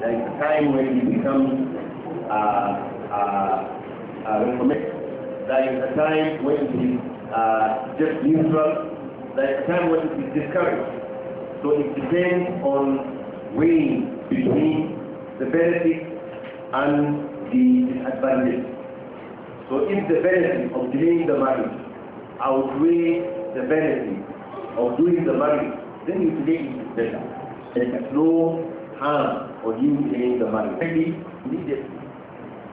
there's a time when he becomes uh, There is a time when uh, uh, uh, he's uh, just neutral. There is a time when is discouraged. So it depends on weighing between the benefit and the disadvantage. So if the benefit of delaying the marriage outweighs the benefit of doing the marriage, then you delay it better. There is no harm or you pay the money very immediately.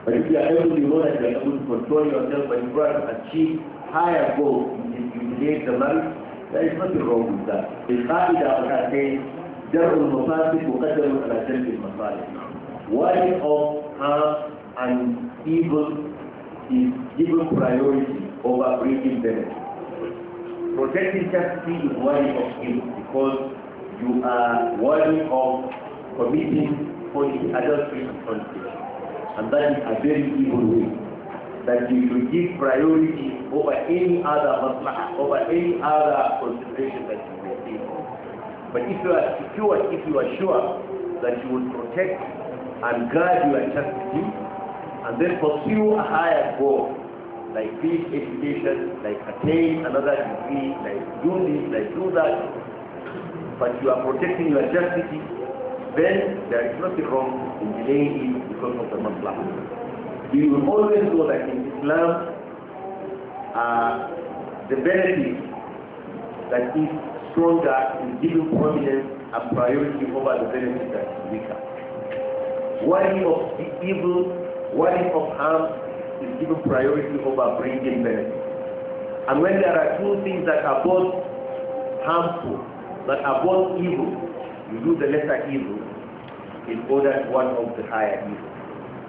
But if you are able to know that you are able to control yourself you want to achieve higher goals, you delay the money, there is nothing wrong with that. In The Qaida of that says, جرع المفاسد مقدم على جلب المصالح. Why of harm and evil is given priority over bringing benefit. Protecting chastity is worthy of evil because you are worthy of committing only adultery and fornication. And that is a very evil way. That you should give priority over any other maslaha, over any other consideration that you may think of. But if you are secure, if you are sure that you will protect and guard your chastity, and then pursue a higher goal, like finish education, like attain another degree, like do this, like do that, but you are protecting your chastity, then there is nothing wrong in delaying it because of the Muslim. You will always know that in Islam, uh, the benefit that is stronger is given prominence and priority over the benefit that is weaker. Worry of the evil, worry of harm is given priority over bringing benefit. And when there are two things that are both harmful, that are both evil, you do the lesser evil in order to one of the higher evils.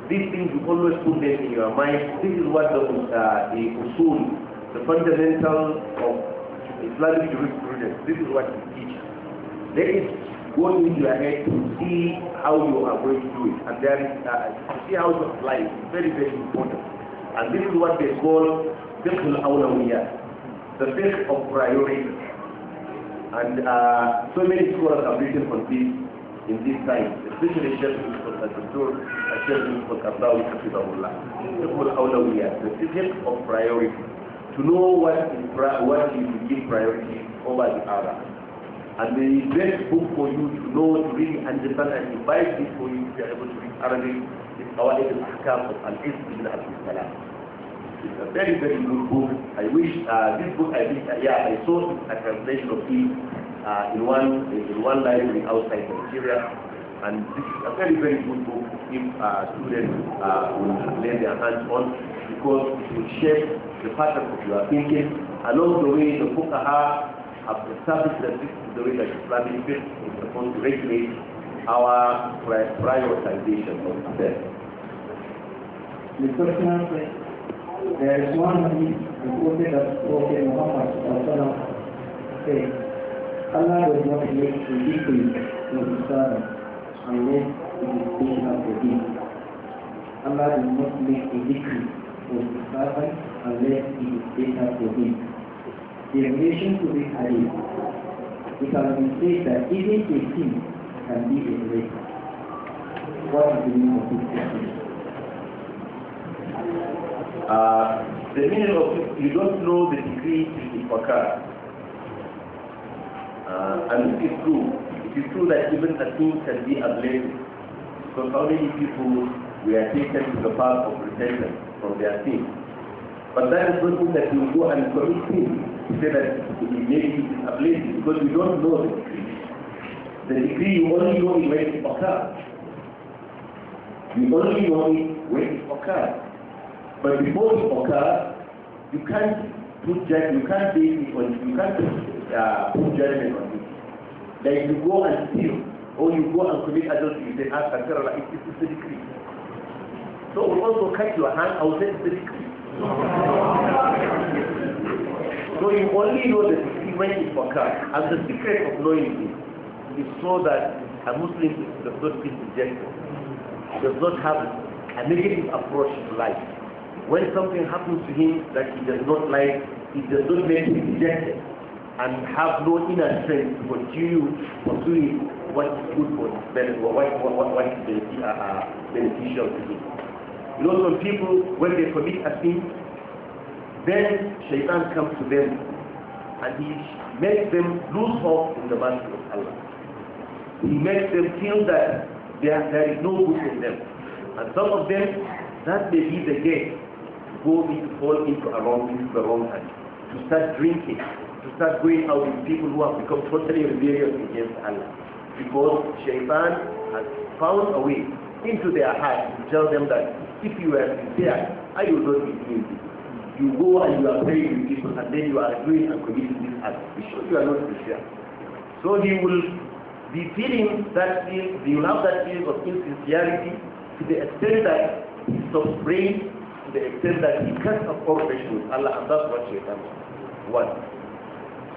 These things you always put them in your mind. This is what the, uh, the usul, the fundamental of Islamic jurisprudence, this is what it teaches. Let it go into your head to see how you are going to do it. And there is, uh, to see how to apply it. It's very, very important. And this is what they call fiqh al the fiqh of priority. And uh, so many scholars have written on this in this time especially Sheikh the al-Dr. for Yusuf al-Qardawi Hafizahullah Sheikh al-Awlawiyah the subject of priority to know what is what you give priority over the other and the best book for you to know to really understand and divide this for you to be able to read Arabic is our al Hakam of Al-Ism ibn Abdul it's a very very good book I wish uh, this book I think uh, yeah I saw a translation of it uh, in one in one library outside Nigeria, and this is a very very good book if uh, students uh, will lay their hands on because it will shape the pattern of your thinking along the way the fuqaha have established that this is the way that Islamic faith is supposed to regulate our prioritization of affairs. The question there is one hadith reported that Prophet Muhammad said, Allah does not make a decrease in the servant unless it is being out for him. Allah does not make a decrease in the servant unless it is being out for him. The relation to this hadith, it has been said that even a sin can be a grace. What is the meaning of this hadith? Uh, the meaning of you don't know the degree to the occur. Uh, and it is true. It is true that even a king can be a blessing. Because how many people we are taken to the path of repentance from their sins? But that is not mean that you go and commit sin. You say that maybe it is a blessing because you don't know the degree. The degree you only know it when it occurs. You only know it when it occurs. But before it occurs, you can't put judgment, you can't take it on you can't uh, put judgment on it. That you go and steal, or you go and commit adultery, you say, ah, it is a decree. So we also cut your hand, I will say it's a decree. so you only know the decree when it occurs. And the secret of knowing this is so that a Muslim does not feel rejected, does not have a negative approach to life. When something happens to him that he does not like, he does not make him dejected and have no inner strength to continue pursuing what is good for him, benefit, what, what, what, what is uh, uh, beneficial, to him. You know, some people, when they commit a sin, then shaitan comes to them and he makes them lose hope in the mercy of Allah. He makes them feel that there, there is no good in them. And some of them, that may be the case go fall into a wrong, the wrong hand, to start drinking, to start going out with people who have become totally rebellious against Allah. Because shaitan has found a way into their heart to tell them that if you are sincere, I will not be doing this. You go and you are praying with people and then you are doing and committing this act. Be sure you are not sincere. So he will be feeling that he will have that feeling of insincerity to the extent that he stops praying the extent that he can afford all relation with Allah and that's what shaitan wants.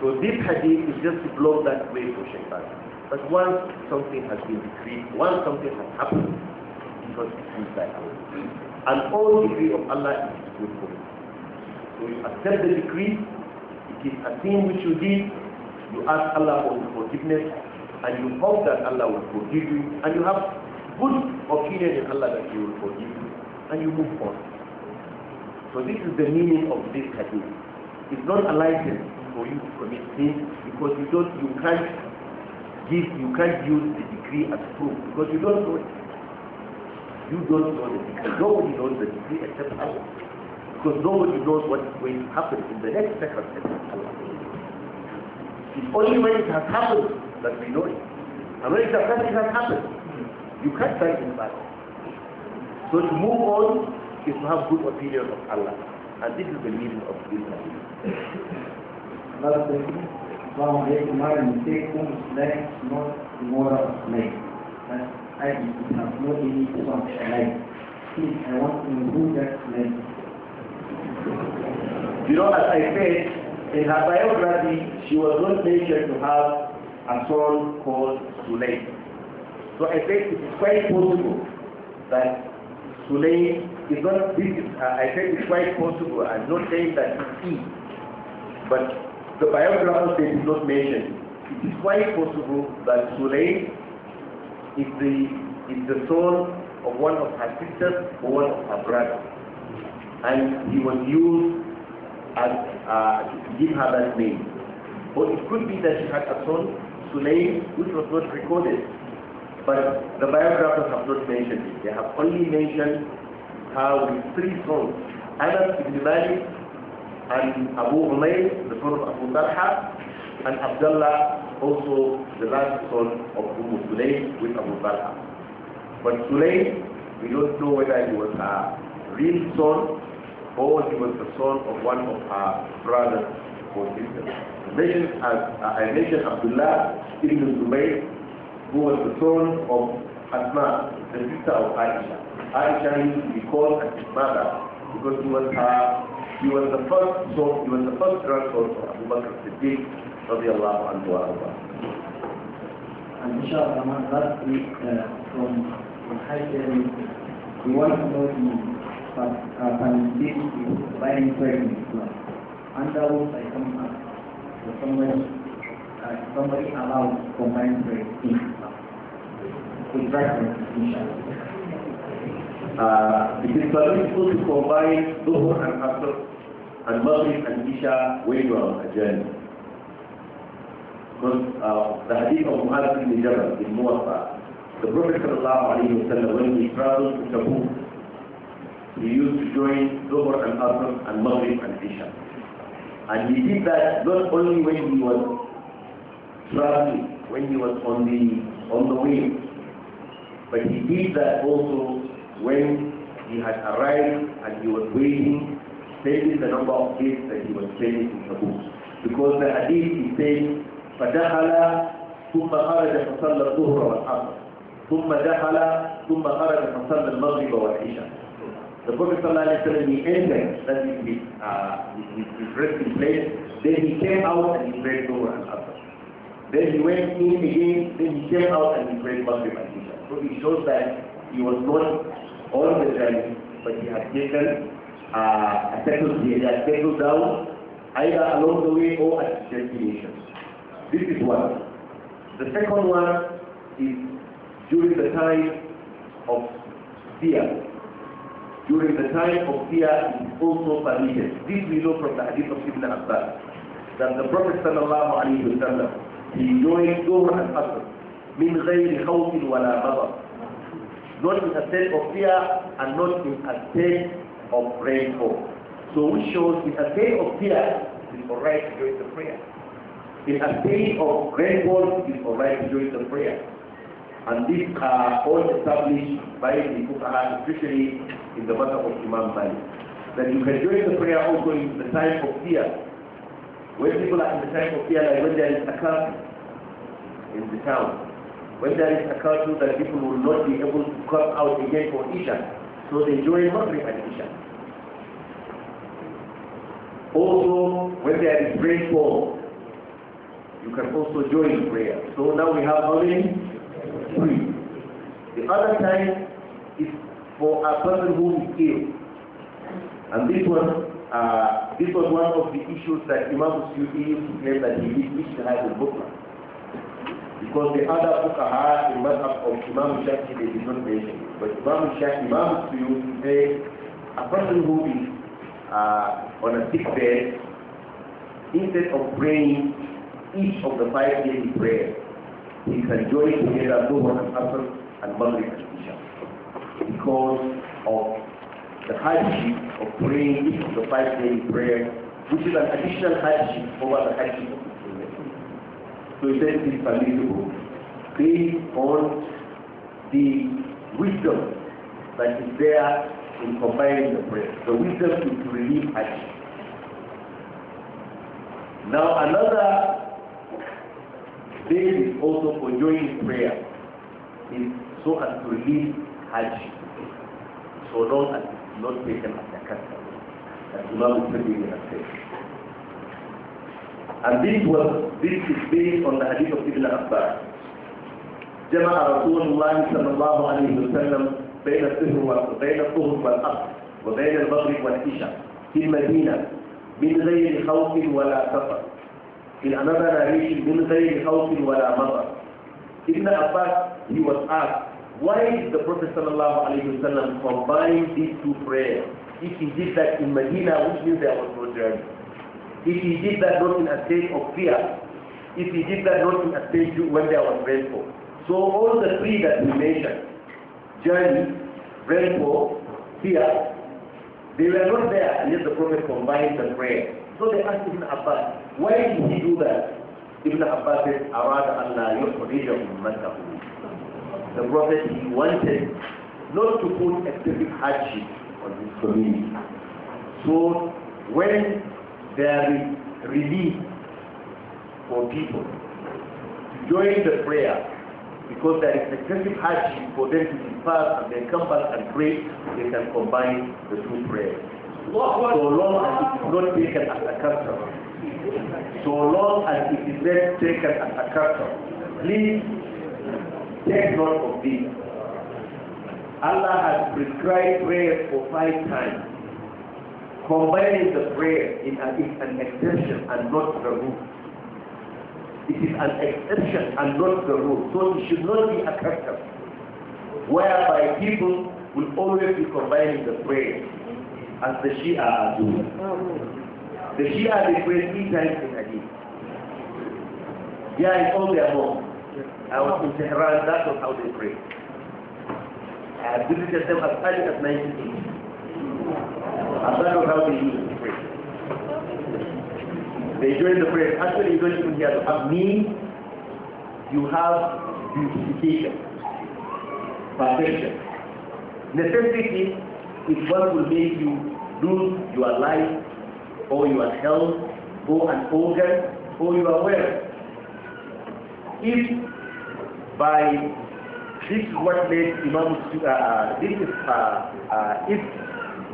So this hadith is just to blow that way for shaitan. But once something has been decreed, once something has happened, it was decreed by Allah. And all decree of Allah is good for you. So you accept the decree, it is a thing which you did, you ask Allah for forgiveness, and you hope that Allah will forgive you, and you have good opinion in Allah that He will forgive you, and you move on. So this is the meaning of this hadith. It's not a license for you to commit sin because you don't, you can't give, you can't use the decree as proof because you don't know it. You don't know the decree. Nobody knows the decree except Allah. Because nobody knows what is going to happen in the next second except Allah. It's only when it has happened that we know it. And when it has happened, it has happened. You can't turn it back. So to move on, is to have good opinion of Allah. And this is the meaning of this. Another I have no any son alive. I want to remove that slave. You know, as I said, in her biography, she was not mentioned to have a son called Sulaim. So I think it is quite possible that Sulaim is not uh, I said it's quite possible. I'm not saying that it's easy, but the biographers they did not mention. It is quite possible that Sulaim is the is the soul of one of her sisters or one of her brothers, and he was used as uh, to give her that name. But it could be that she had a son, Sulaim, which was not recorded. But the biographers have not mentioned it. They have only mentioned how three sons: Anas ibn Malik and Abu Lay, the son of Abu Talha, and Abdullah, also the last son of Abu umm Sulaym with Abu Talha. But Sulaym, we don't know whether he was a real son or he was the son of one of her brothers or sisters. I mentioned, as, uh, I mentioned Abdullah ibn Zubayr, who was the son of Asma, the sister of Aisha. Aisha used as his mother because he was her, he was the first son, he was the first grandson of Abu Bakr Siddiq radiallahu anhu wa arba. And inshallah, last week uh, from from Haitian, we want to know the permissibility of buying bread in Islam. Under what I come up, so somebody, uh, somebody allowed combined bread in Islam. So, inshallah uh, it is permissible to combine Dhuhr and Asr and Maghrib and Isha when you on a journey. Because uh, the hadith of Muhammad ibn Jabal in Muwafa, the Prophet wasallam, when he traveled to Tabuk, he used to join Dhuhr and Asr and Maghrib and Isha. And he did that not only when he was traveling, when he was on the, on the way, but he did that also when he had arrived and he was waiting, stating the number of days that he was staying in the Tabuk. Because the hadith is saying, فَدَخَلَ ثُمَّ خَرَجَ فَصَلَّى الظُّهْرَ وَالْعَصْرَ ثُمَّ دَخَلَ ثُمَّ خَرَجَ فَصَلَّى الْمَغْرِبَ وَالْعِشَاءَ the Prophet ﷺ, he entered, that is his, uh, his, his resting place. Then he came out and he prayed Dhuhr and Asr. Then he went in again, then he came out and he prayed Maghrib and Isha. So it shows that he was not all the time, but he has taken uh, a settled, he has settled down either along the way or at destination. This is one. The second one is during the time of fear. During the time of fear is also permitted. This we know from the hadith of Ibn Abbas that the Prophet sallallahu alaihi wasallam he joined Dhuhr and Asr min غير خوف ولا غضب not in a state of fear and not in a state of rainfall. So which shows in a state of fear, is alright during the prayer. In a state of rainfall, is alright during the prayer. And these are all established by the Fuqaha, especially in the matter of Imam Malik. That you can join the prayer also in the time of fear. When people are in the time of fear, like when there is a calm in the town, when there is a culture that people will not be able to come out again for Isha, so they join Maghrib and Isha. Also, when there is rainfall, you can also join prayer. So now we have how many? Three. The other time is for a person who is ill. And this one, uh, this was one of the issues that Imam Suyuti used to claim that he did Ishtihad al book because the other fuqaha in madhab of Imam Shafi they did not mention. But Imam Shafi, Imam Suyuti say a person who is uh, on a sick bed, instead of praying each of the five daily prayers, he can join together Dhuhr and Asr and Maghrib and Isha because of the hardship of praying each of the five daily prayers, which is an additional hardship over the hardship of present it is permissible based on the wisdom that is there in combining the prayer. The wisdom is to relieve hardship. Now another basis also for joining prayer is so as to relieve hardship. So long as not taken as a custom. That Imam in Taymiyyah says. And this was this is based on the hadith of Ibn Abbas. جمع رسول الله صلى الله عليه وسلم بين الظهر بين الظهر والعصر وبين المغرب والعشاء في المدينة من غير خوف ولا سفر. In another narration, من غير خوف ولا مطر. Ibn Abbas, he was asked, why did the Prophet sallallahu alaihi wasallam combine these two prayers? If he did that in Medina, which means there was no journey. If he did that not in a state of fear, if he did that not in a state when there was rainfall. So all the three that we mentioned, journey, rainfall, fear, they were not there unless the Prophet combined the prayer. So they asked Ibn Abbas, why did he do that? Ibn Abbas said, The Prophet, he wanted not to put a specific hardship on his community. So when there is relief for people to join the prayer because there is excessive hardship for them to depart and then come back and pray, they can combine the two prayers. So long as it is not taken as a custom, so long as it is not taken as a custom, please take note of this. Allah has prescribed prayer for five times combining the prayer is an, exception and not the rule. It is an exception and not the rule. So it should not be a custom whereby people will always be combining the prayer as the Shia are doing. The Shia they pray three times in a day. Yeah, in all their homes. I was in Tehran, that was how they pray. I visited them as early as 1980. I'm not know how they use the phrase. They join the prayer. Actually, you don't even hear to have mean. You have beautification, perfection. Necessity is what will make you lose your life or your health or an organ or your wealth. If by this is what made Imam uh, uh, this is uh, uh, if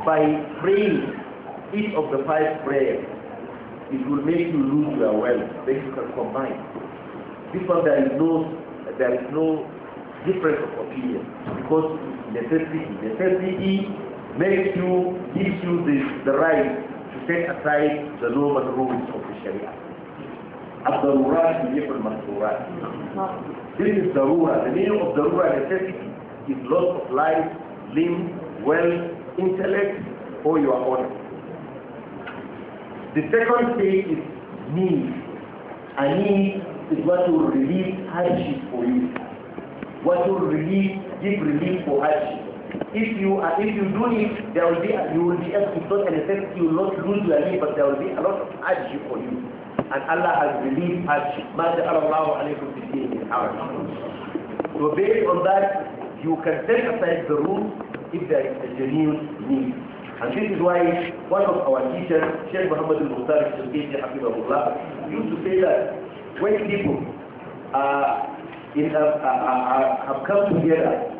by praying each of the five prayers, it will make you lose your wealth. Then you can combine. This one there is no there is no difference of opinion because necessity necessity makes you gives you the, the right to set aside the normal rules of the Sharia. This is the rule. The meaning of the rule necessity is loss of life, limb, wealth, intellect or your honor. The second stage is need. And need is what will relieve hardship for you. What will relieve, give relief for hardship. If you if you do it, there will be you will be able to not effect, you will not lose your life, but there will be a lot of hardship for you. And Allah has relieved hardship. Ma'ajallahu alaykum bi in So based on that, you can set aside the rules if there is a genuine need. And this is why one of our teachers, Sheikh Muhammad al-Muqtar used to say that when people are uh, in, uh, uh, uh, have come together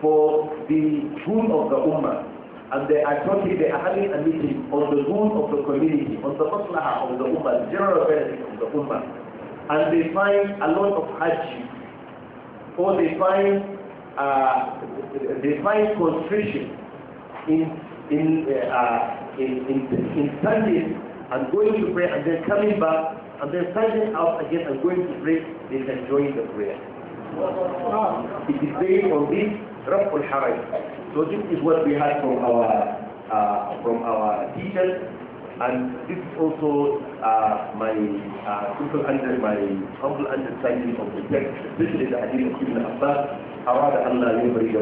for the good of the Ummah, and they are talking, they are having a meeting on the good of the community, on the maslaha of the Ummah, the general benefit of the Ummah, and they find a lot of hardship, or they find uh, they find concentration in in uh, uh, in, in in standing and going to pray and then coming back and then standing up again and going to pray, they can the prayer. It is based on this رفع الحرج. So this is what we had from our uh, from our teachers, and this is also uh, my uh, simple under my humble understanding of the text, especially the Hadith of Ibn Abbas. أراد أن لا أمته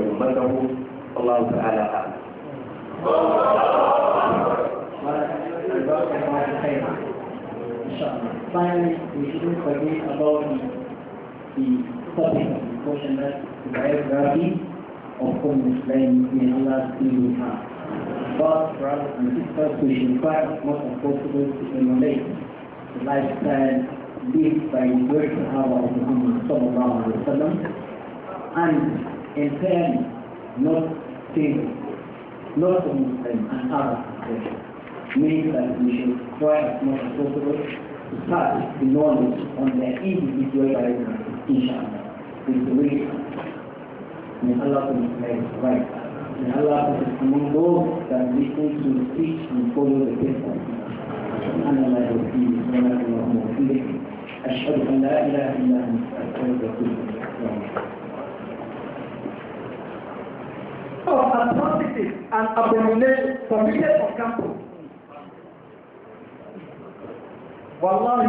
الله تعالى أعلم Finally, we shouldn't forget about the, the topic of discussion that the biography of Holy Islam in Allah's kingdom has. But brothers and sisters, we should as much as possible to emulate the lifestyle lived by the great Sahaba of Muhammad sallallahu alaihi wasallam and impairment, not favor, not um, an Arab expression, means that we should try as much as possible to pass the knowledge on the individual inshallah, with the way may Allah make it right. May Allah put among those that listen to the speech and follow the paper. سبحان الله وبحمده سبحانك اللهم وبحمدك أشهد أن لا إله إلا أنت أستغفرك وأتوب إليك of atrocities and abominations committed on campus. Wallahi,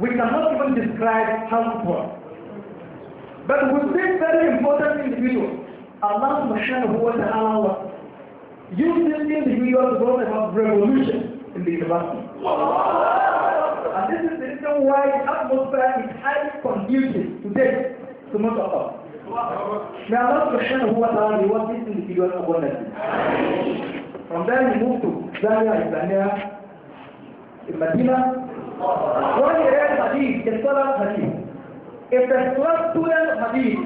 we cannot even describe how it was. But with this very important individual, Allah subhanahu wa ta'ala used this individual to brought about revolution in the university. and this is the reason why the atmosphere is highly conducive today to most of us. ما رب سبحانه وتعالى يوفي في في الديوان أبونا دي رمضان يموت زايا يبقى المدينة وانا ريال حديث كالصلاة حديث إذا الصلاة طول الحديث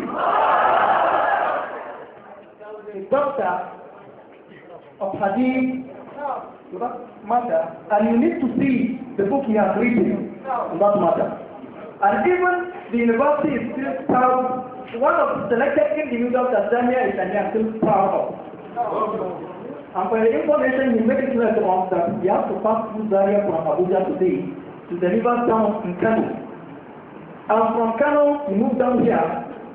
الضبطة of hadith matter and you need to see the book he has written no. that matter and even the university is still proud one of the selected individuals that Zambia is and they are still proud of. And for the information you make it clear to us that we have to pass through Zaria from Abuja today to deliver sound in Kano. And from Kano, we move down here.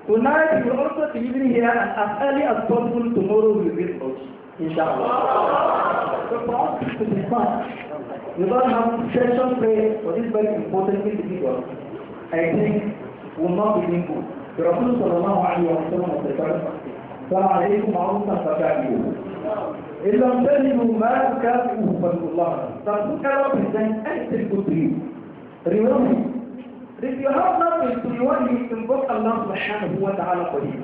Tonight, we will also be leaving here and as early as possible tomorrow we will be in Inshallah. So for us to be smart, we don't have session prayer for this very important individual. I think we will not be meaningful. الرسول صلى الله عليه وسلم وتكلم صلى عليكم معروفا فتعملوه إن لم تجدوا ما تكافئه فاتقوا الله فاتقوا كلام إذن أنت الكترين ريومي If you have nothing to reward you, you invoke Allah subhanahu wa ta'ala for you.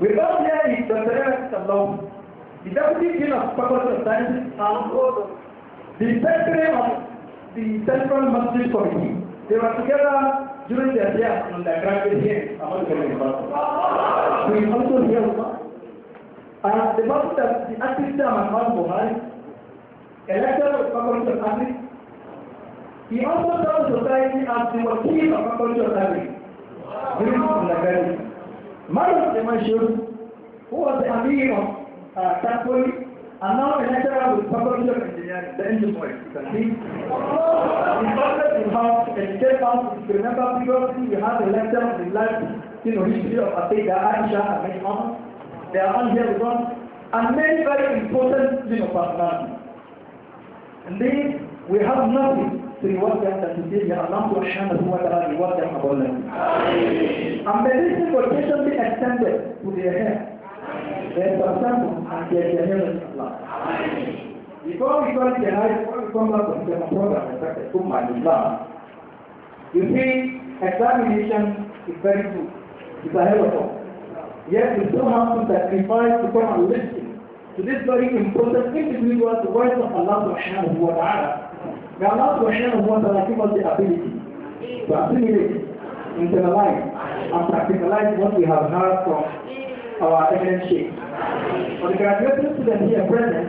Without that, it's the prayer of Allah. The deputy king of purpose of science and God, the secretary of the central masjid committee, they were together during the years on their graduate year among We also hear And the Bible that the activity of Imam Buhari, elected of Faculty of he also served society as the wakil of Faculty of Agri during his Nagari. Maruf Demashur, who was the Amir of uh, Tapoli, I'm now a lecturer with Faculty of Engineering, the engine point, you can see. Instructed in how educate us, if you remember previously we had a lecture on the life, you know, history of Atida, Aisha, and many others. They are on here with us. And many very important, you know, personalities. then we have nothing to reward them are not to Allah subhanahu wa ta'ala reward them about them. And may this invitation be extended to their hair. Then sometimes at the engineering class. Before we come to the night, before we come back to the program, in fact, I took my Islam. You see, examination is very good. It's ahead of us. Yet we still have to sacrifice to come and listen to this very important individual, the voice of Allah subhanahu wa ta'ala. May Allah subhanahu wa ta'ala give us the ability to assimilate, internalize, and practicalize what we have heard from our internship. For the graduating students here present,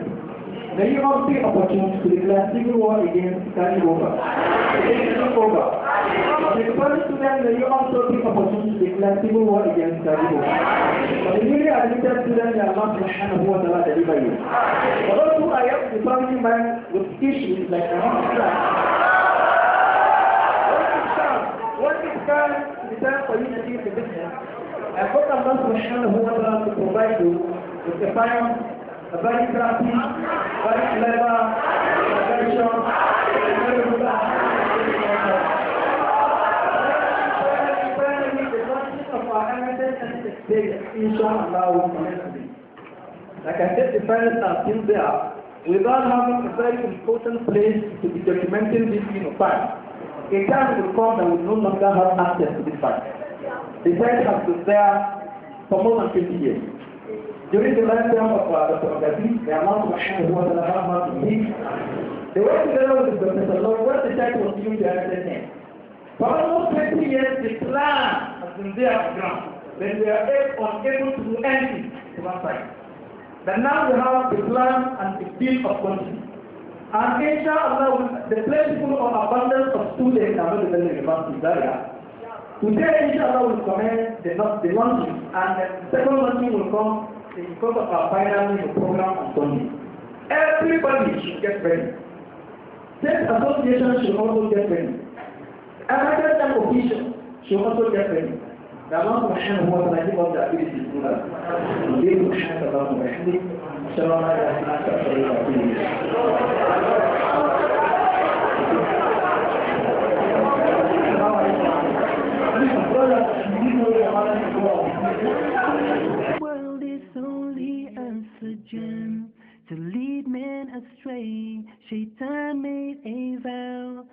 may you not take opportunity to declare civil war against Ghani over. Against over. For the foreign students, may you also take opportunity to declare civil war against Ghani over. For the newly admitted students, they are not in the of wa ta'ala deliver you. For those who are yet to family man with issues like among Islam, what is time? What is time? It's time for you to give the business. And what Allah subhanahu wa ta'ala to provide you is a fire, a very very clever, Like I said, the parents are still there without having a very important place to be documenting this you know, fact. A time will come that will no longer have access to this fact. The church has been there for more than 50 years. During the last term of uh, the Prophet, the amount of shame was an amount of peace. They went together with the Prophet Allah when the child was doing their other For almost 20 years, the plan has been there on the ground. Then we are unable to do anything to one side. But now we have the plan and the deal of country. And inshallah, the plentiful of abundance of students are not the university area. Today, inshallah, will commence the, the launching, and the second launching will come in front of our final program on Sunday. Everybody should get ready. State association should also get ready. Every type of should also get ready. الله سبحانه وتعالى يجب أن تعبير في السورة نبيه سبحانه وتعالى وحده شرعنا إلى أن أستغفر الله The World is only a gem to lead men astray. Shaitan made a vow.